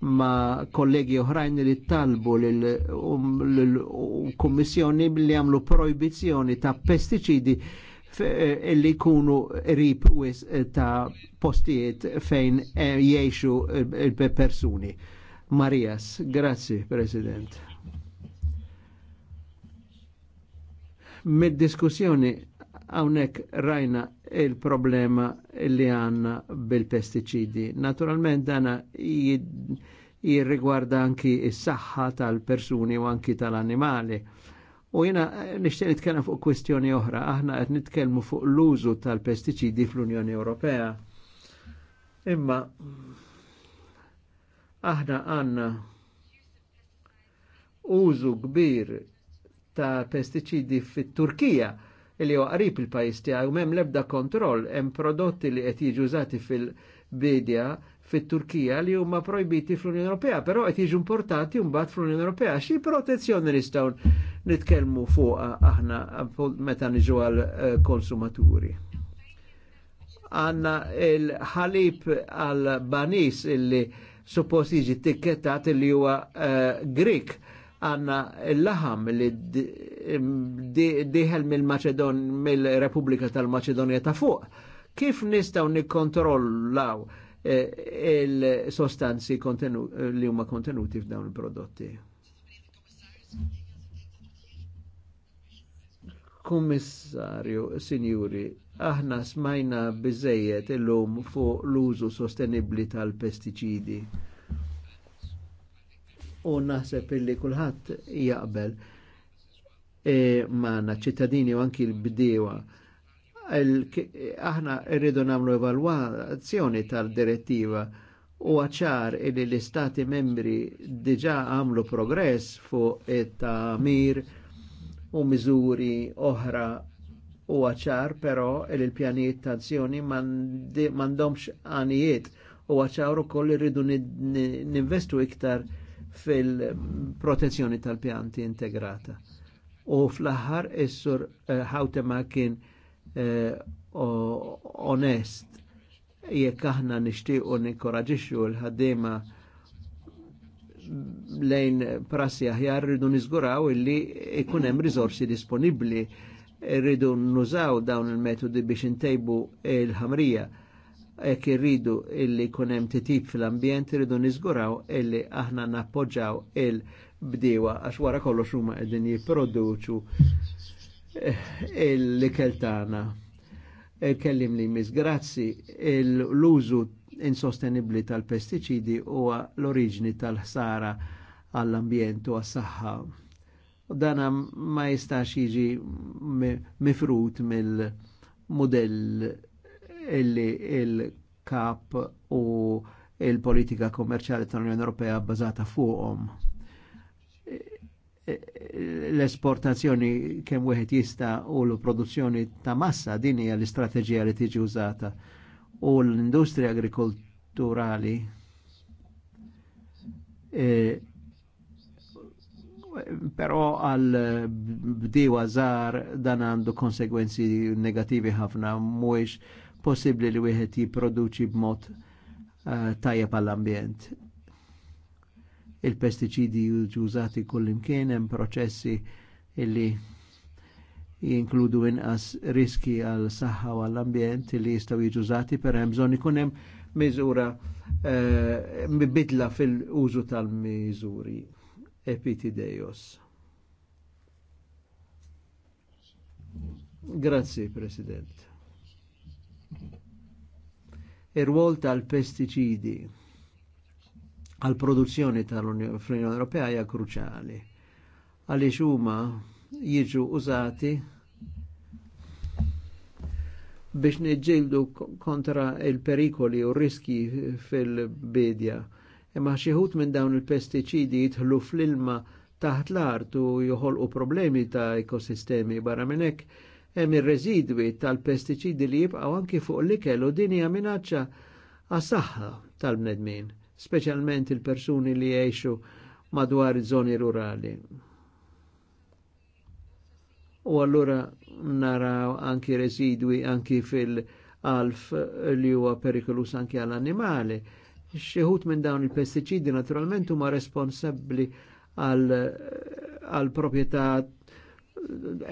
ma' kollegi oħrajn li talbu l-Kommissjoni um, um, li għamlu proibizjoni ta' pesticidi eh, li kunu rip wis eh, ta' postijiet fejn eh, jiexu il-persuni. Marias, grazzi, President. Mid-diskussjoni Hawnhekk rajna il-problema li għanna bil-pestiċidi. Naturalment dana jirrigwarda anki s saħħa tal-persuni u anki tal-annimali. U jena nishtiq nitkellem fuq kwestjoni oħra, aħna qed nitkellmu fuq l-użu tal-pestiċidi fl-Unjoni Ewropea. Imma aħna għanna użu kbir ta' pestiċidi fit-Turkija li huwa qrib il-pajjiż tiegħu m'hemm l-ebda kontroll hemm prodotti li qed jiġu użati fil-bidja fit-Turkija li huma projbiti fl-Unjoni Ewropea, però qed jiġu importati mbagħad fl-Unjoni Ewropea. Xi protezzjoni nistgħu nitkellmu fuq aħna meta niġu għal eh, konsumaturi. Għanna il-ħalib għal banis illi suppost jiġi tikketat li huwa uh, eh, Grik għanna l-laħam li diħel mill-Maċedon, mill republika tal-Maċedonja ta' fuq. Kif nistaw nikkontrollaw eh, il-sostanzi li huma kontenuti f'dawn il-prodotti? Kommissarju, signuri, aħna smajna bizzejiet illum fuq l-użu sostenibli tal-pesticidi u naħseb illi kulħadd jaqbel e, ma' ċittadini u anki l-bdiewa aħna rridu namlu evalwazzjoni tal-direttiva u għacċar illi l-istati membri diġa għamlu progress fuq it-tamir u miżuri oħra u għacċar però illi l-pjanijiet ta' azzjoni mandomx għanijiet u għacċar u koll rridu ninvestu iktar fil-protezzjoni tal-pjanti integrata. U fl-aħħar is ħawtema eh, kien eh, onest jekk aħna nixtiequ ninkoraġixxu l-ħaddiema lejn prassi aħjar rridu niżguraw illi ikun hemm riżorsi disponibbli rridu nużaw dawn il-metodi biex intejbu il-ħamrija. il ħamrija jekk irridu illi kunem titib fil-ambjent irridu nizguraw illi aħna nappoġġaw il-bdiewa għax wara kollox huma qegħdin jipproduċu eh, il-ikel tagħna. Kellim li miżgrazzi l-użu insostenibli tal-pestiċidi huwa l-oriġni tal-ħsara għall-ambjent u għas-saħħa. Dana ma jistax jiġi mifrut mill-modell illi il-kap u il-politika kommerċjali tal-Unjoni Ewropea bbażata fuqhom. L-esportazzjoni kemm wieħed jista' u l-produzzjoni ta' massa din hija l-istrateġija li tiġi użata u l-industrija agrikulturali eh, però għal bdiwa żgħar dan għandu konsegwenzi negativi ħafna mhuwiex possibbli li wieħed jipproduċi b'mod uh, tajjeb għall-ambjent. Il-pestiċidi użati kullimkien hemm proċessi li jinkludu inqas riski għal saħħa u għall-ambjent li jistgħu jiġu użati per hemm bżonn ikun hemm miżura uh, eh, bidla fil-użu tal-miżuri. Epitideios. Grazie, President. Ir-rwol tal-pestiċidi għal produzzjoni tal-Unjoni Ewropea hija kruċjali għaliex huma jiġu użati biex niġġieldu kontra il-perikoli u riski fil-bedja. Imma xieħut minn dawn il-pestiċidi jitħlu fl-ilma taħt l-art u joħolqu problemi ta' ekosistemi barra minn hekk hemm ir-residwi tal-pestiċidi li jibqgħu anki fuq l-ikel u din hija minaċċa għas-saħħa tal-bnedmin, speċjalment il-persuni li jgħixu madwar iż-żoni rurali. U allura naraw anki residwi anki fil-alf li huwa perikolus anki għall-annimali. Xieħut minn dawn il-pestiċidi naturalment huma responsabbli għal proprjetà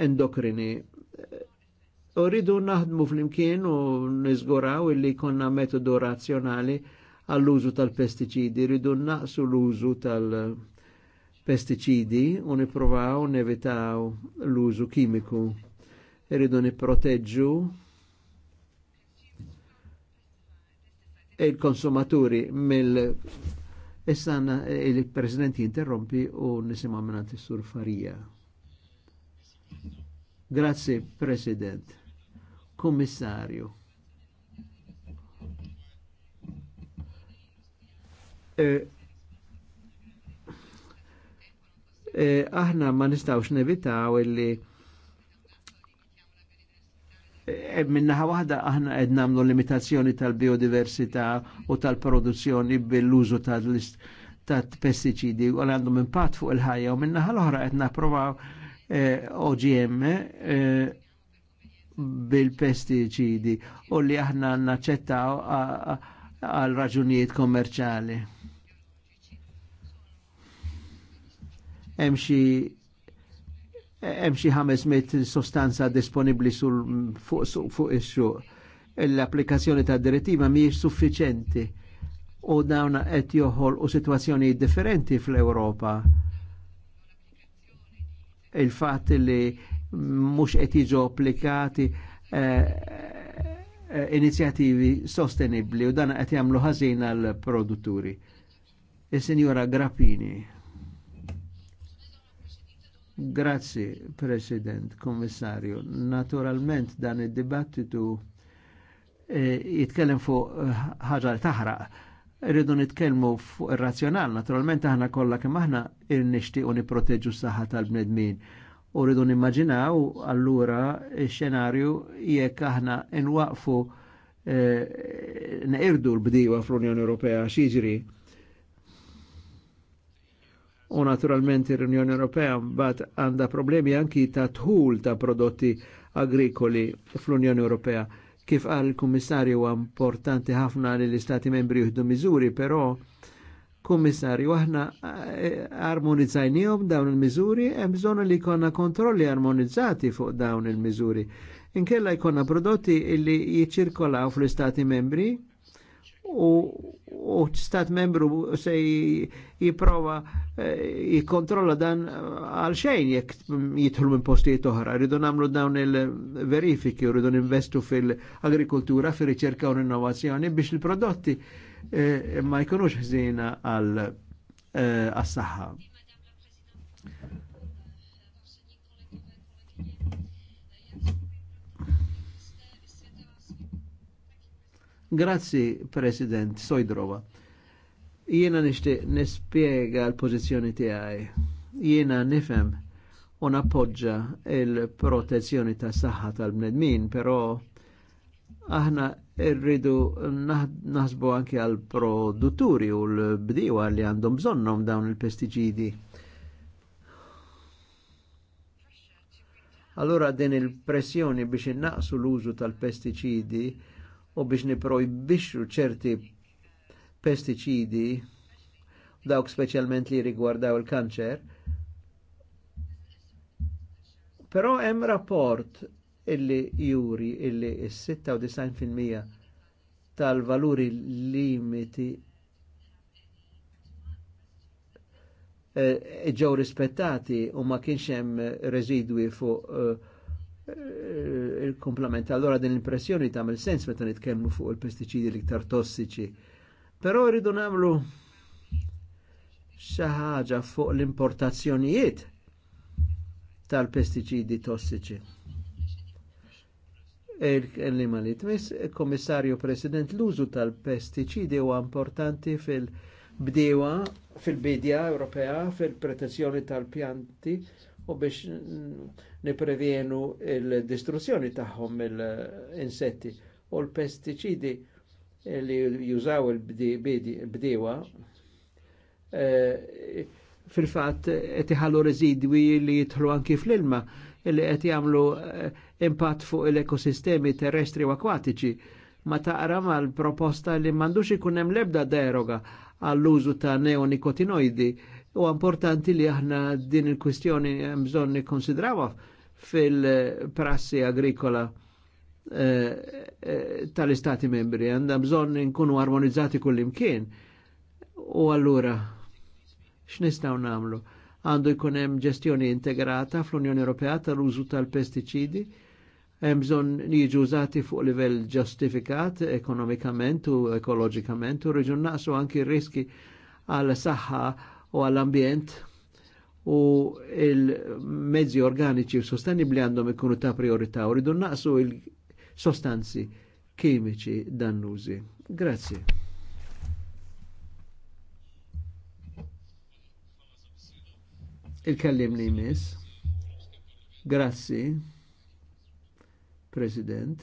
endokrini rridu naħdmu fl-imkien u nizguraw illi konna metodu razzjonali għall-użu tal-pesticidi, rridu naqsu l-użu tal-pesticidi u niprovaw nevitaw l-użu kimiku. Rridu niproteġġu il-konsumaturi mill- Issanna il-President jinterrompi u nisimaw minnant is-sur Farija. Grazie, President. Commissario. Eh, eh, aħna ma nistawx nevitaw illi eh, minnaħa waħda aħna qed nagħmlu limitazzjoni tal-biodiversità u tal-produzzjoni bil-użu tal-pesticidi u għandhom impatt fuq il-ħajja u minnaħa l-oħra qed napprovaw eh, OGM eh, bil-pesticidi u li aħna naċċettaw għal raġunijiet kommerċali. Hemm xi ħames mit sostanza sul fuq fuq fu, xuq L-applikazzjoni tad direttiva mhijiex suffiċenti u dawn qed joħol u situazzjoni differenti fl europa il fat li mhux qed jiġu applikati eh, eh, inizjativi sostenibli u dan qed jagħmlu ħażin għal produtturi. Is-Sinjora Grappini. Grazzi, President, Kommissarju. Naturalment dan id-dibattitu eh, jitkellem fuq ħaġa taħraq Rridu nitkellmu fuq ir-razzjonal, naturalment aħna kollha kemm aħna nixtiequ nipproteġu s-saħħa tal-bnedmin. U rridu nimmaġinaw allura x-xenarju jekk aħna nwaqfu eh, neqirdu l-bdiewa fl-Unjoni Ewropea x'jiġri. U naturalment l-Unjoni Ewropea mbagħad għandha problemi anki ta' tħul ta' prodotti agrikoli fl-Unjoni Ewropea Kif għal kummissarju kummissarju importanti ħafna li l-Istati membri juhdu miżuri, però Kummissarju aħna eh, armonizzajnijom dawn il-miżuri, hemm bżonn li jkollna kontrolli armonizzati fuq dawn il-miżuri. Inkella jkollna prodotti li jiċirkolaw fl-Istati membri u stat membru se jiprova eh, jikontrolla dan eh, għal xejn jekk jidħlu minn postijiet oħra. Rridu namlu dawn il-verifiki, rridu investu fil-agrikultura, fil-riċerka u innovazzjoni biex il-prodotti eh, ma jkunux ħżina għal saħħa Grazzi, President Sojdrova. Jiena nixtieq nispiega l-pożizzjoni tiegħi. Jiena nifhem u nappoġġa il-protezzjoni tas saħħa tal-bnedmin, però aħna rridu naħsbu anke għal produtturi u l-bdiewa li għandhom bżonnhom dawn il pestiġidi Allora din il-pressjoni biex innaqsu l-użu tal-pestiċidi u biex niprojbixxu ċerti pesticidi dawk speċjalment li rigwardaw il-kanċer. Però hemm rapport illi juri illi is-96% tal-valuri limiti eh, ġew rispettati u ma kienx hemm residwi fuq uh, Eh, il-komplement. Allora din l-impressjoni mel sens meta nitkellmu fuq il-pestiċidi l-iktar tossiċi. Però rridu nagħmlu xi ħaġa fuq l-importazzjonijiet tal-pestiċidi tossiċi. Il-kelima li il-Komissarju President, l-użu tal-pestiċidi huwa importanti fil-bdiewa, fil-bidja Ewropea, fil-protezzjoni tal-pjanti, u biex niprevjenu il-distruzzjoni tagħhom il-insetti u l-pestiċidi li jużaw il-bdewa eh, fil-fatt qed iħallu residwi li jidħlu anki fl-ilma li qed jagħmlu eh, impatt fuq l-ekosistemi terrestri u akwatiċi ma taqra l proposta li m'għandux ikun hemm l-ebda deroga għall-użu ta' neonikotinoidi U importanti li aħna din il-kwistjoni bżon nikkonsidrawa fil-prassi agrikola eh, eh, tal-istati membri, għanda bżon nkunu armonizzati kullimkien. U allura, x'nistgħu namlu? Għandu jkun hemm ġestjoni integrata fl-Unjoni Ewropea tal-użu tal-pestiċidi, hemm bżonn li jiġu użati fuq livell ġustifikat ekonomikament u ekoloġikament u rriġu naqsu anki riski għal saħħa u għall-ambjent u il-mezzi organiċi u sostenibli għandhom ikunu ta' priorità u ridu naqsu il-sostanzi kimiċi dannużi. Grazie. il kellimni li Grazie. Grazzi, President.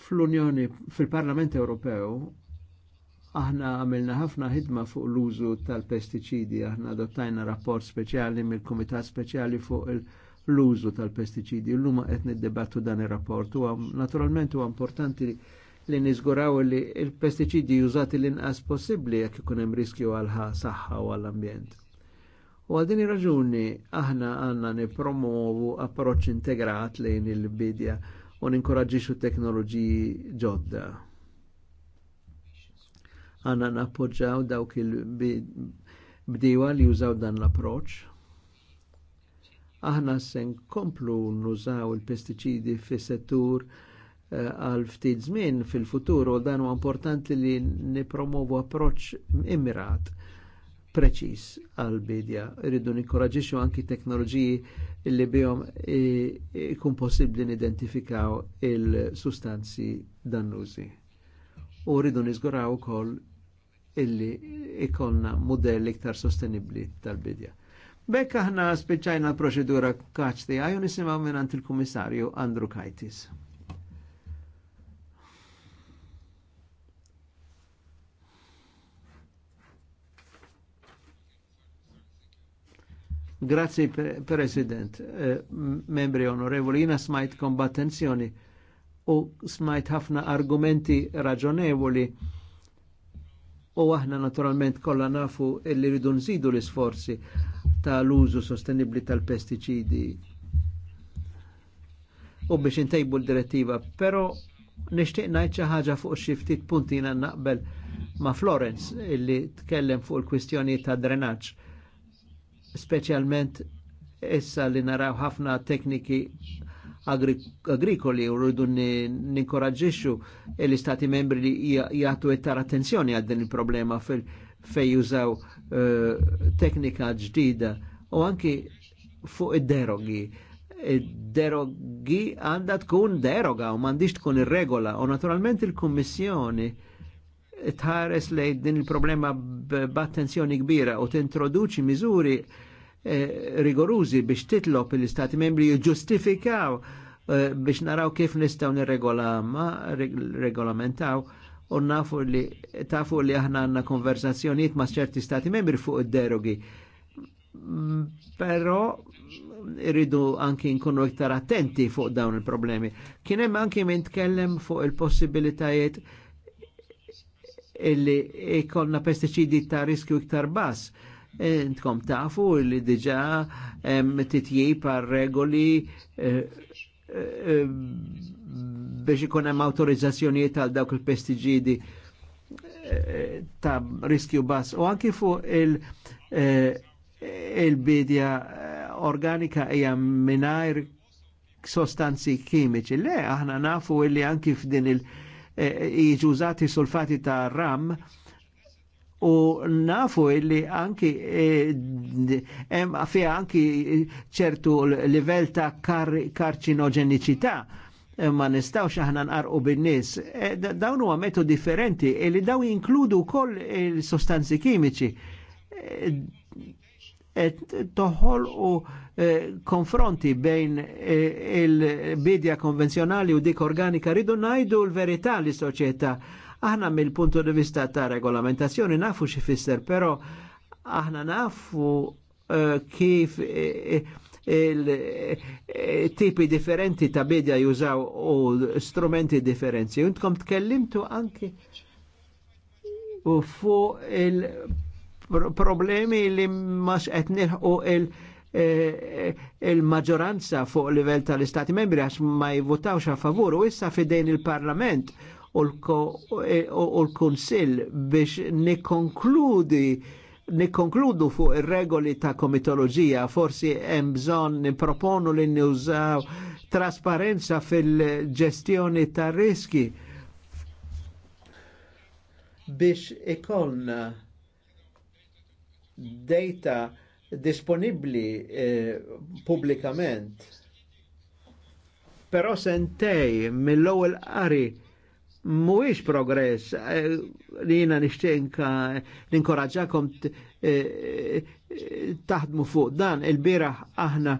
fl-Unjoni, fil-Parlament Ewropew, Aħna għamilna ħafna ħidma fuq l-użu tal-pestiċidi, aħna adottajna rapport speċjali mill-Kumitat Speċjali fuq l-użu tal-pestiċidi. L-lum qed niddebattu dan ir-rapport u naturalment huwa importanti li niżguraw li l-pestiċidi jużati l-inqas possibbli jekk ikun hemm riskju għal saħħa u għall-ambjent. U għal din raġuni aħna għandna nippromovu approċċ integrat lejn il-bidja u ninkoraġġixxu teknoloġiji ġodda għanna nappoġġaw dawk il-bdiwa li jużaw dan l-approċ. Aħna sen komplu nużaw il-pesticidi fi settur eh, għal ftit żmien fil-futur u dan huwa importanti li nipromovu approċ immirat preċis għal bidja. Irridu nikkoraġixxu anki teknoloġiji li bihom ikun possibbli nidentifikaw il-sustanzi dannużi. U rridu nizguraw ukoll illi ikonna modell iktar sostenibli tal-bidja. Bekk aħna spiċajna l-proċedura kaċ ti għaj nisimaw minnant il komissarju Andru Kajtis. Grazzi President, eh, membri onorevoli, jina smajt kombattenzjoni u smajt ħafna argumenti raġonevoli u aħna naturalment kollha nafu illi rridu nżidu l-isforzi tal-użu sostenibbli tal-pestiċidi u biex intejbu l-direttiva, però nixtieq ngħid xi ħaġa fuq xi ftit puntina naqbel ma' Florence illi tkellem fuq il-kwistjoni ta' drenaġġ, speċjalment issa li naraw ħafna tekniki agrikoli u rridu ninkoraġġixxu l-istati membri li jagħtu ittar attenzjoni għal din il-problema fej jużaw eh, teknika ġdida u anki fuq id-derogi. Id-derogi għandha tkun deroga u m'għandix tkun ir-regola u naturalment il-Kummissjoni tħares lejn din il-problema b'attenzjoni kbira u tintroduċi miżuri Eh, rigorużi biex titlob l-istati membri jġustifikaw eh, biex naraw kif nistaw regolamentaw u nafu li tafu li aħna għanna konverzazzjoniet ma' ċerti stati membri fuq id-derogi. Mm, però irridu anki nkunu iktar attenti fuq dawn il-problemi. Kien hemm anki minn tkellem fuq il-possibilitajiet illi ikollna pesticidi ta' riskju iktar bass Intkom e, tafu li diġa titjib par regoli e, e, biex ikun hemm autorizzazzjonijiet għal dawk il-pestiġidi ta' riskju bass u anki fuq il-bidja organika hija mingħajr sostanzi kimiċi. Le, aħna nafu illi anki f'din il- jiġużati sulfati ta' ram u nafu li anki hemm eh, anki ċertu livell ta' kar karċinoġeniċità eh, ma nistawx aħna nqarqu bin-nies. Eh, dawn huwa metodi differenti li daw jinkludu wkoll il-sostanzi kimiċi. E, et toħol u konfronti bejn il-bidja konvenzjonali u dik organika ridu najdu l-verità li soċieta Aħna mill-puntu di vista ta' regolamentazzjoni nafu xi fisser, però aħna nafu uh, kif eh, eh, il-tipi differenti ta' bidja jużaw u strumenti differenti. Untkom tkellimtu anki u fuq il-problemi li mas etnir u il- il-maġoranza fuq livell tal-Istati membri għax ma jivvotawx a favur u issa fidejn il-Parlament E, u l-Kunsill biex nikonkludi nikkonkludu fuq ir-regoli ta' komitoloġija, forsi hemm bżonn nipproponu li nużaw trasparenza fil-ġestjoni ta' riski biex ikollna data disponibli eh, pubblikament. Però sentej mill-ewwel qari muwix progress eh, li jina nishtenka ninkoraġakom eh, eh, taħdmu fuq dan il-biraħ aħna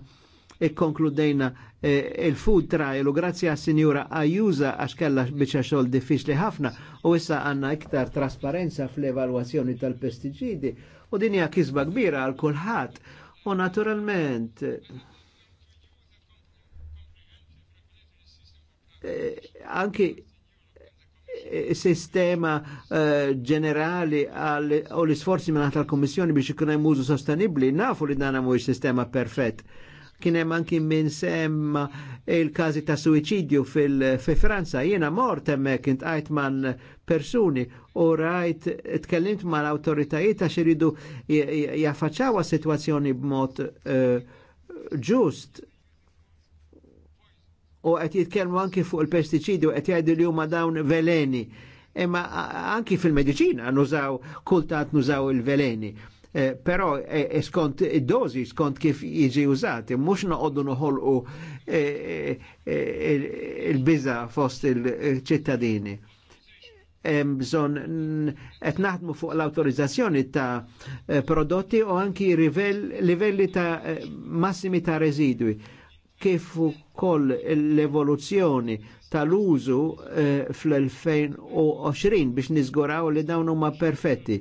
ikkonkludejna il-food trial u grazzi għas sinjura Ajuza għax kella bieċa xol diffiċli ħafna u issa għanna iktar trasparenza fl-evaluazzjoni tal-pestiġidi u dinja hija kisba kbira għal kulħadd u naturalment anki sistema eh, ġenerali u l-isforzi minn tal-Kommissjoni biex ikun hemm użu sostenibbli, nafu li dan mhuwiex sistema perfett. Kien hemm anki minn semma il-każi ta' suicidju fil-Franza. Jiena mort hemmhekk intqajt man persuni u rajt tkellimt mal-awtoritajiet għax iridu jaffaċċaw situazzjoni b'mod uh, ġust u qed jitkellmu anki fuq il-pestiċidi u qed jgħidu li huma dawn veleni. Imma anki fil-mediċina nużaw kultant nużaw il-veleni. Eh, però eh, eh, skont id-dozi, skont kif jiġi użati, mhux noqogħdu noħolqu il-biża fost il-ċittadini bżon qed naħdmu fuq l-autorizzazzjoni ta' prodotti u anki livelli ta' massimi ta' residwi kif ukoll l-evoluzzjoni tal-użu eh, fl-2020 biex nizguraw li dawn huma perfetti.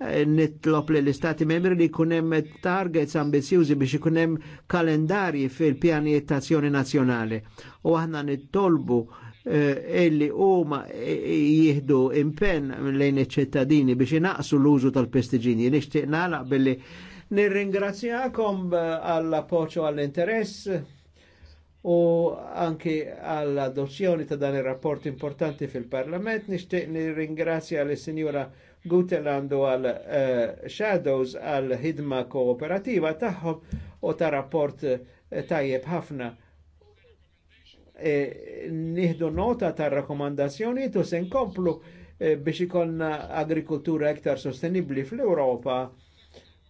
Eh, Nitlob li l-Istati membri li kunem targets ambizjużi biex ikunem kalendarji fil-pjanijiet tazzjoni nazjonali. U aħna nittolbu eh, illi huma eh, jihdu impenn lejn iċ-ċittadini biex inaqsu l-użu tal-pestiġini. Nixtieq nagħlaq billi nirringrazzjakom eh, għall-appoċċju għall-interess u anki għall-adozzjoni ta' dan ir-rapport importanti fil-Parlament nixtieq nirringrazzja l sinjora Guteland u għall eh, Shadows għal ħidma kooperativa tagħhom u ta' rapport eh, tajjeb ħafna. E, Nieħdu nota ta' rakkomandazzjoni tu se nkomplu e, biex ikonna agrikultura iktar sostenibli fl-Ewropa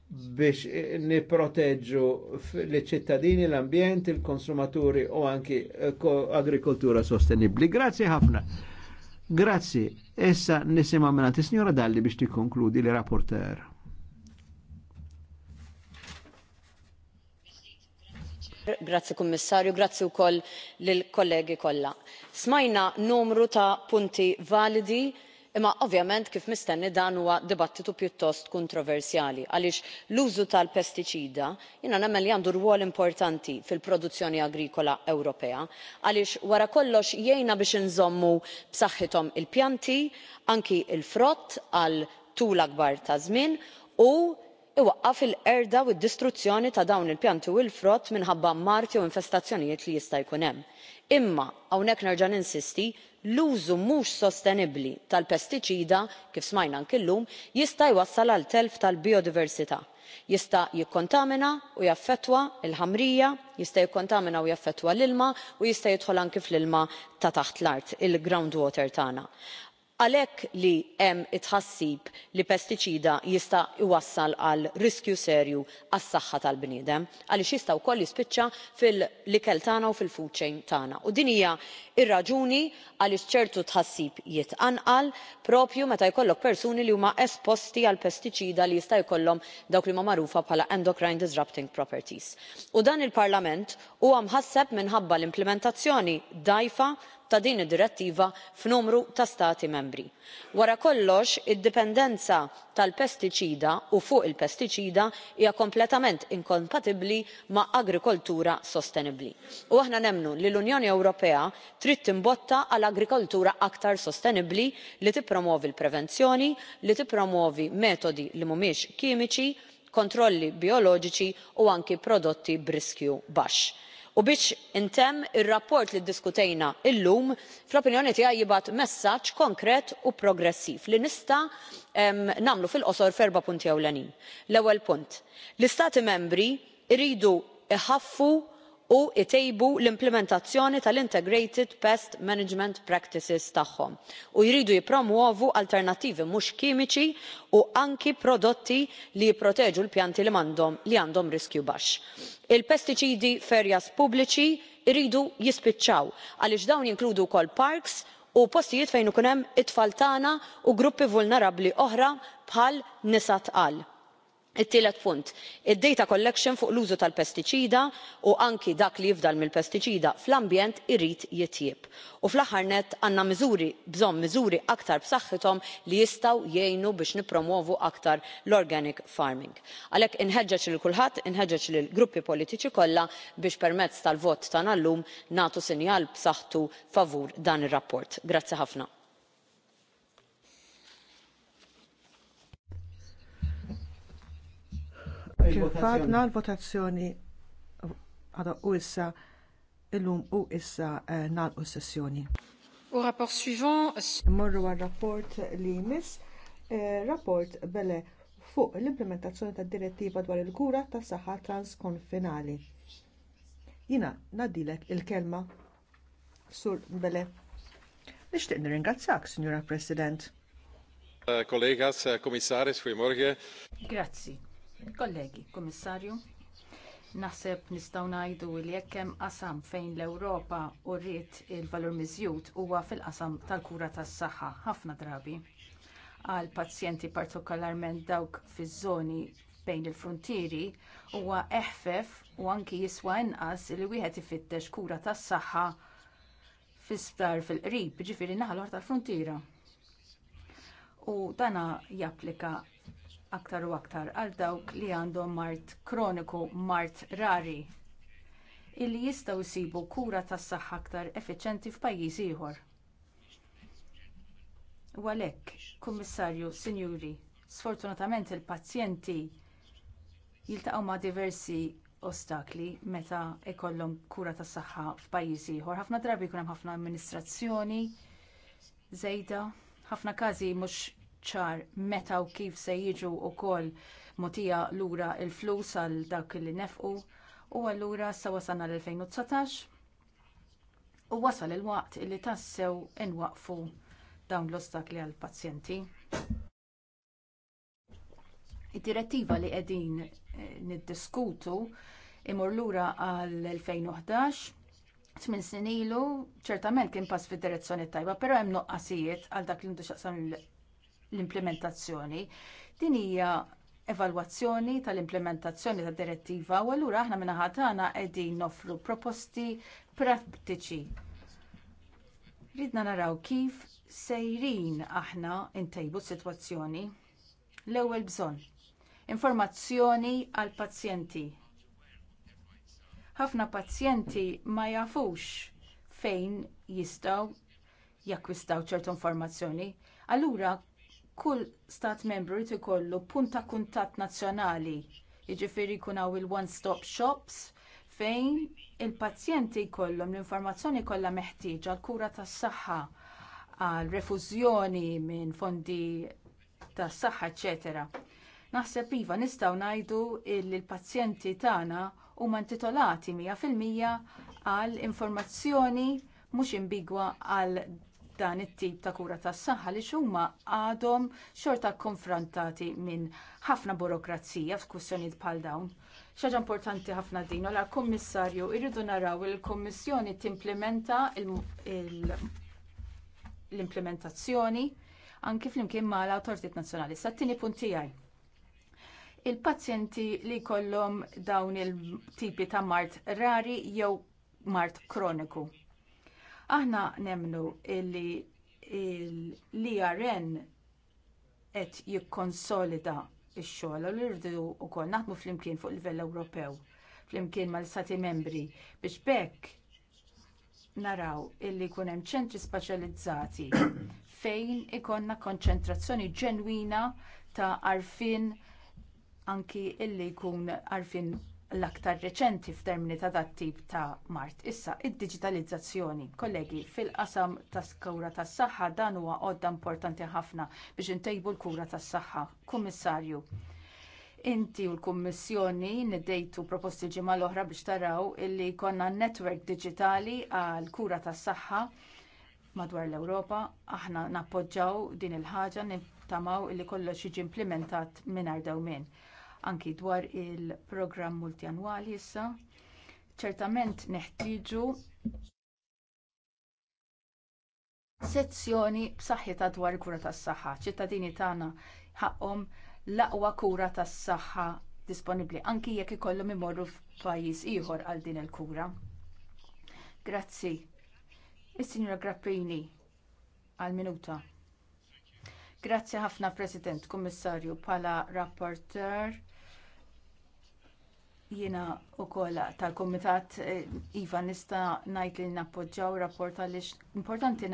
biex niproteġu li ċittadini l-ambjent, il-konsumaturi u anki eh, agrikoltura sostenibli. Grazie ħafna. Grazie. Essa nisema minna signora Dalli biex tikkonkludi li rapporter. Grazie kummissarju, grazie u koll l-kollegi kolla. Smajna numru ta' punti validi imma ovvjament kif mistenni dan huwa dibattitu pjuttost kontroversjali għaliex l użu tal pestiċida jiena nemmen li għandu rwol importanti fil produzzjoni agrikola ewropea għaliex wara kollox jgħinna biex inżommu b'saħħithom il pjanti anki l frott għal tul akbar ta' żmien u iwaqqaf il qerda u d-distruzzjoni ta' dawn il-pjanti u l-frott minħabba marti u infestazzjonijiet li jista' jkun hemm. imma hawnhekk nerġa' ninsisti l-użu mhux sostenibbli tal pestiċida kif smajna anke jista' jwassal għal telf tal-biodiversità jista' jikkontamina u jaffettwa l ħamrija jista' jikkontamina u jaffettwa l ilma u jista' jidħol anke fl ilma ta' taħt l art il groundwater tagħna għalhekk li hemm it-tħassib li pestiċida jista' jwassal għal riskju serju għas-saħħa tal-bniedem għaliex jista' wkoll jispiċċa fil-ikel tagħna u fil-food chain tagħna u din hija r-raġuni għaliex ċertu tħassib jitqanqal proprju meta jkollok persuni li huma esposti għal pestiċida li jista' jkollhom dawk li huma magħrufa bħala endocrine disrupting properties. u dan il parlament huwa mħasseb minħabba l implementazzjoni dgħajfa ta' din id-direttiva f'numru ta' stati membri. wara kollox id-dipendenza tal-pestiċida u fuq il-pestiċida hija kompletament inkompatibbli ma' agrikoltura sostenibbli u aħna nemmnu li l-unjoni ewropea trid timbotta għal agrikoltura aktar sostenibbli li tippromovi l-prevenzjoni li tippromovi metodi li mhumiex kimiċi kontrolli bioloġiċi u anki prodotti b'riskju baxx u biex intemm ir-rapport li ddiskutejna llum fl-opinjoni tiegħi jibgħat messaġġ konkret u progressiv li nista' nagħmlu fil-qosor f'erba' punti ewlenin. l-ewwel punt l istati membri jridu iħaffu u jtejbu l-implementazzjoni tal integrated pest management practices tagħhom u jridu jippromuovu alternattivi mhux kimiċi u anki prodotti li jipproteġu l-pjanti li għandhom riskju baxx. il pestiċidi ferjas pubbliċi jridu jispiċċaw għaliex dawn jinkludu wkoll parks u postijiet fejn ikun hemm it tfal tagħna u gruppi vulnerabbli oħra bħal nisa tqal it-tielet punt id data collection fuq l-użu tal pestiċida u anki dak li jifdal mill-pestiċida fl-ambjent irid jitjieb u fl-aħħar nett għandna miżuri, bżonn miżuri aktar b'saħħithom li jistgħu jgħinu biex nippromovu aktar l-organic farming. għalhekk inħeġġeġ lil kulħadd inħeġġeġ lill-gruppi politiċi kollha biex permezz tal-vot tagħna llum nagħtu sinjal b'saħħtu favur dan ir-rapport. grazzi ħafna. eżempju fadna l-votazzjoni għada u issa illum u issa eh, nal s-sessjoni. U rapport suivant. morru għal rapport li jmiss, eh, rapport bele fuq l-implementazzjoni tad direttiva dwar il-kura tas saħħa transkonfinali. Jina, nadilek il-kelma sur bele. Nixtieq nirringrazzjak, Signora President. Eh, kollegas, komissaris, fui morge. Grazzi. Kollegi, komissarju, naħseb nistgħu ngħidu li jekk hemm qasam fejn l-Ewropa u rrit il-valur miżjud huwa fil-qasam tal-kura tas-saħħa ħafna drabi għal pazjenti partikolarment dawk fiż-żoni bejn il-frontieri huwa eħfef u anki jiswa inqas li wieħed ifittex kura tas-saħħa fis-sptar fil-qrib, ġifieri naħa l tal-frontiera. U dana japplika aktar u aktar għal dawk li għandhom mart kroniku, mart rari, illi jistgħu jsibu kura tas saħħa aktar effiċenti f'pajjiż ieħor. U għalhekk, Kummissarju, Sinjuri, sfortunatament il-pazjenti jiltaqgħu ma' diversi ostakli meta jkollhom kura tas saħħa f'pajjiż ieħor. Ħafna drabi jkun hemm ħafna amministrazzjoni żejda, ħafna każi mhux ċar meta u kif se jiġu wkoll kol lura l flus għal dawk li nefqu u allura sa wasalna l-2019 u wasal il-waqt li tassew inwaqfu dawn l-ostakli għal pazjenti Id-direttiva li qegħdin eh, niddiskutu imur lura għal 2011 Tmien snin ilu ċertament kien pass fil direzzjoni tajba, però hemm noqqasijiet għal dak li ndu l-implementazzjoni. Din hija evalwazzjoni tal-implementazzjoni tad direttiva u allura aħna minna ħatana qegħdin noffru proposti prattiċi. Ridna naraw kif sejrin aħna ntejbu s-sitwazzjoni. L-ewwel bżonn informazzjoni għall pazjenti. Ħafna pazjenti ma jafux fejn jistgħu jakkwistaw ċertu informazzjoni. Allura Kull stat membru jrid ikollu punt ta' kuntatt nazzjonali, jiġifieri jkun hawn il-one-stop shops fejn il-pazjenti jkollhom l-informazzjoni kollha meħtieġa għall kura tas-saħħa għal refużjoni minn fondi tas saħħa etc. Naħseb iva nistgħu ngħidu li l-pazjenti tagħna huma intitolati mija fil-mija għal informazzjoni mhux imbigwa għal dan it-tip ta' kura tas saħħa li xumma għadhom xorta konfrontati minn ħafna burokrazija f'kussjonijiet bħal dawn. Xaġa importanti ħafna din, l kummissarju irridu naraw il-Kommissjoni timplementa l-implementazzjoni anki flimkien ma' l-Autoritet Nazjonali. Sattini punti għaj. Il-pazjenti li kollom dawn il-tipi ta' mart rari jew mart kroniku Aħna nemnu illi l-IRN qed jikkonsolida x-xogħol u rridu wkoll naħdmu flimkien fuq livell Ewropew, flimkien mal-Stati membri biex bekk naraw illi jkun hemm ċentri speċjalizzati (coughs) fejn ikonna konċentrazzjoni ġenwina ta' arfin anki illi kun arfin l-aktar reċenti f'termini ta' dat tip ta' mart. Issa, id-digitalizzazzjoni, kollegi, fil-qasam tas kura tas saħħa dan huwa għodda importanti ħafna biex intejbu l-kura tas saħħa. Kummissarju, inti u l-Kummissjoni niddejtu proposti ġimgħa l-oħra biex taraw illi konna netwerk digitali għall kura tas saħħa madwar l-Ewropa, aħna nappoġġaw din il-ħaġa nittamaw illi kollox jiġi implementat mingħajr dewmien anki dwar il-programm multjanwali issa. Ċertament neħtieġu sezzjoni b'saħħitha dwar il-kura tas-saħħa. ċittadini tagħna ħaqhom l-aqwa kura tas-saħħa disponibbli anki jekk ikollhom imorru f'pajjiż ieħor għal din il-kura. Grazzi. Is-Sinjura Grappini għal minuta. Grazzi ħafna President, Kummissarju, pala rapporteur Jiena wkoll tal kumitat eh, Iva nista ngħid li nappoġġaw rapport għaliex importanti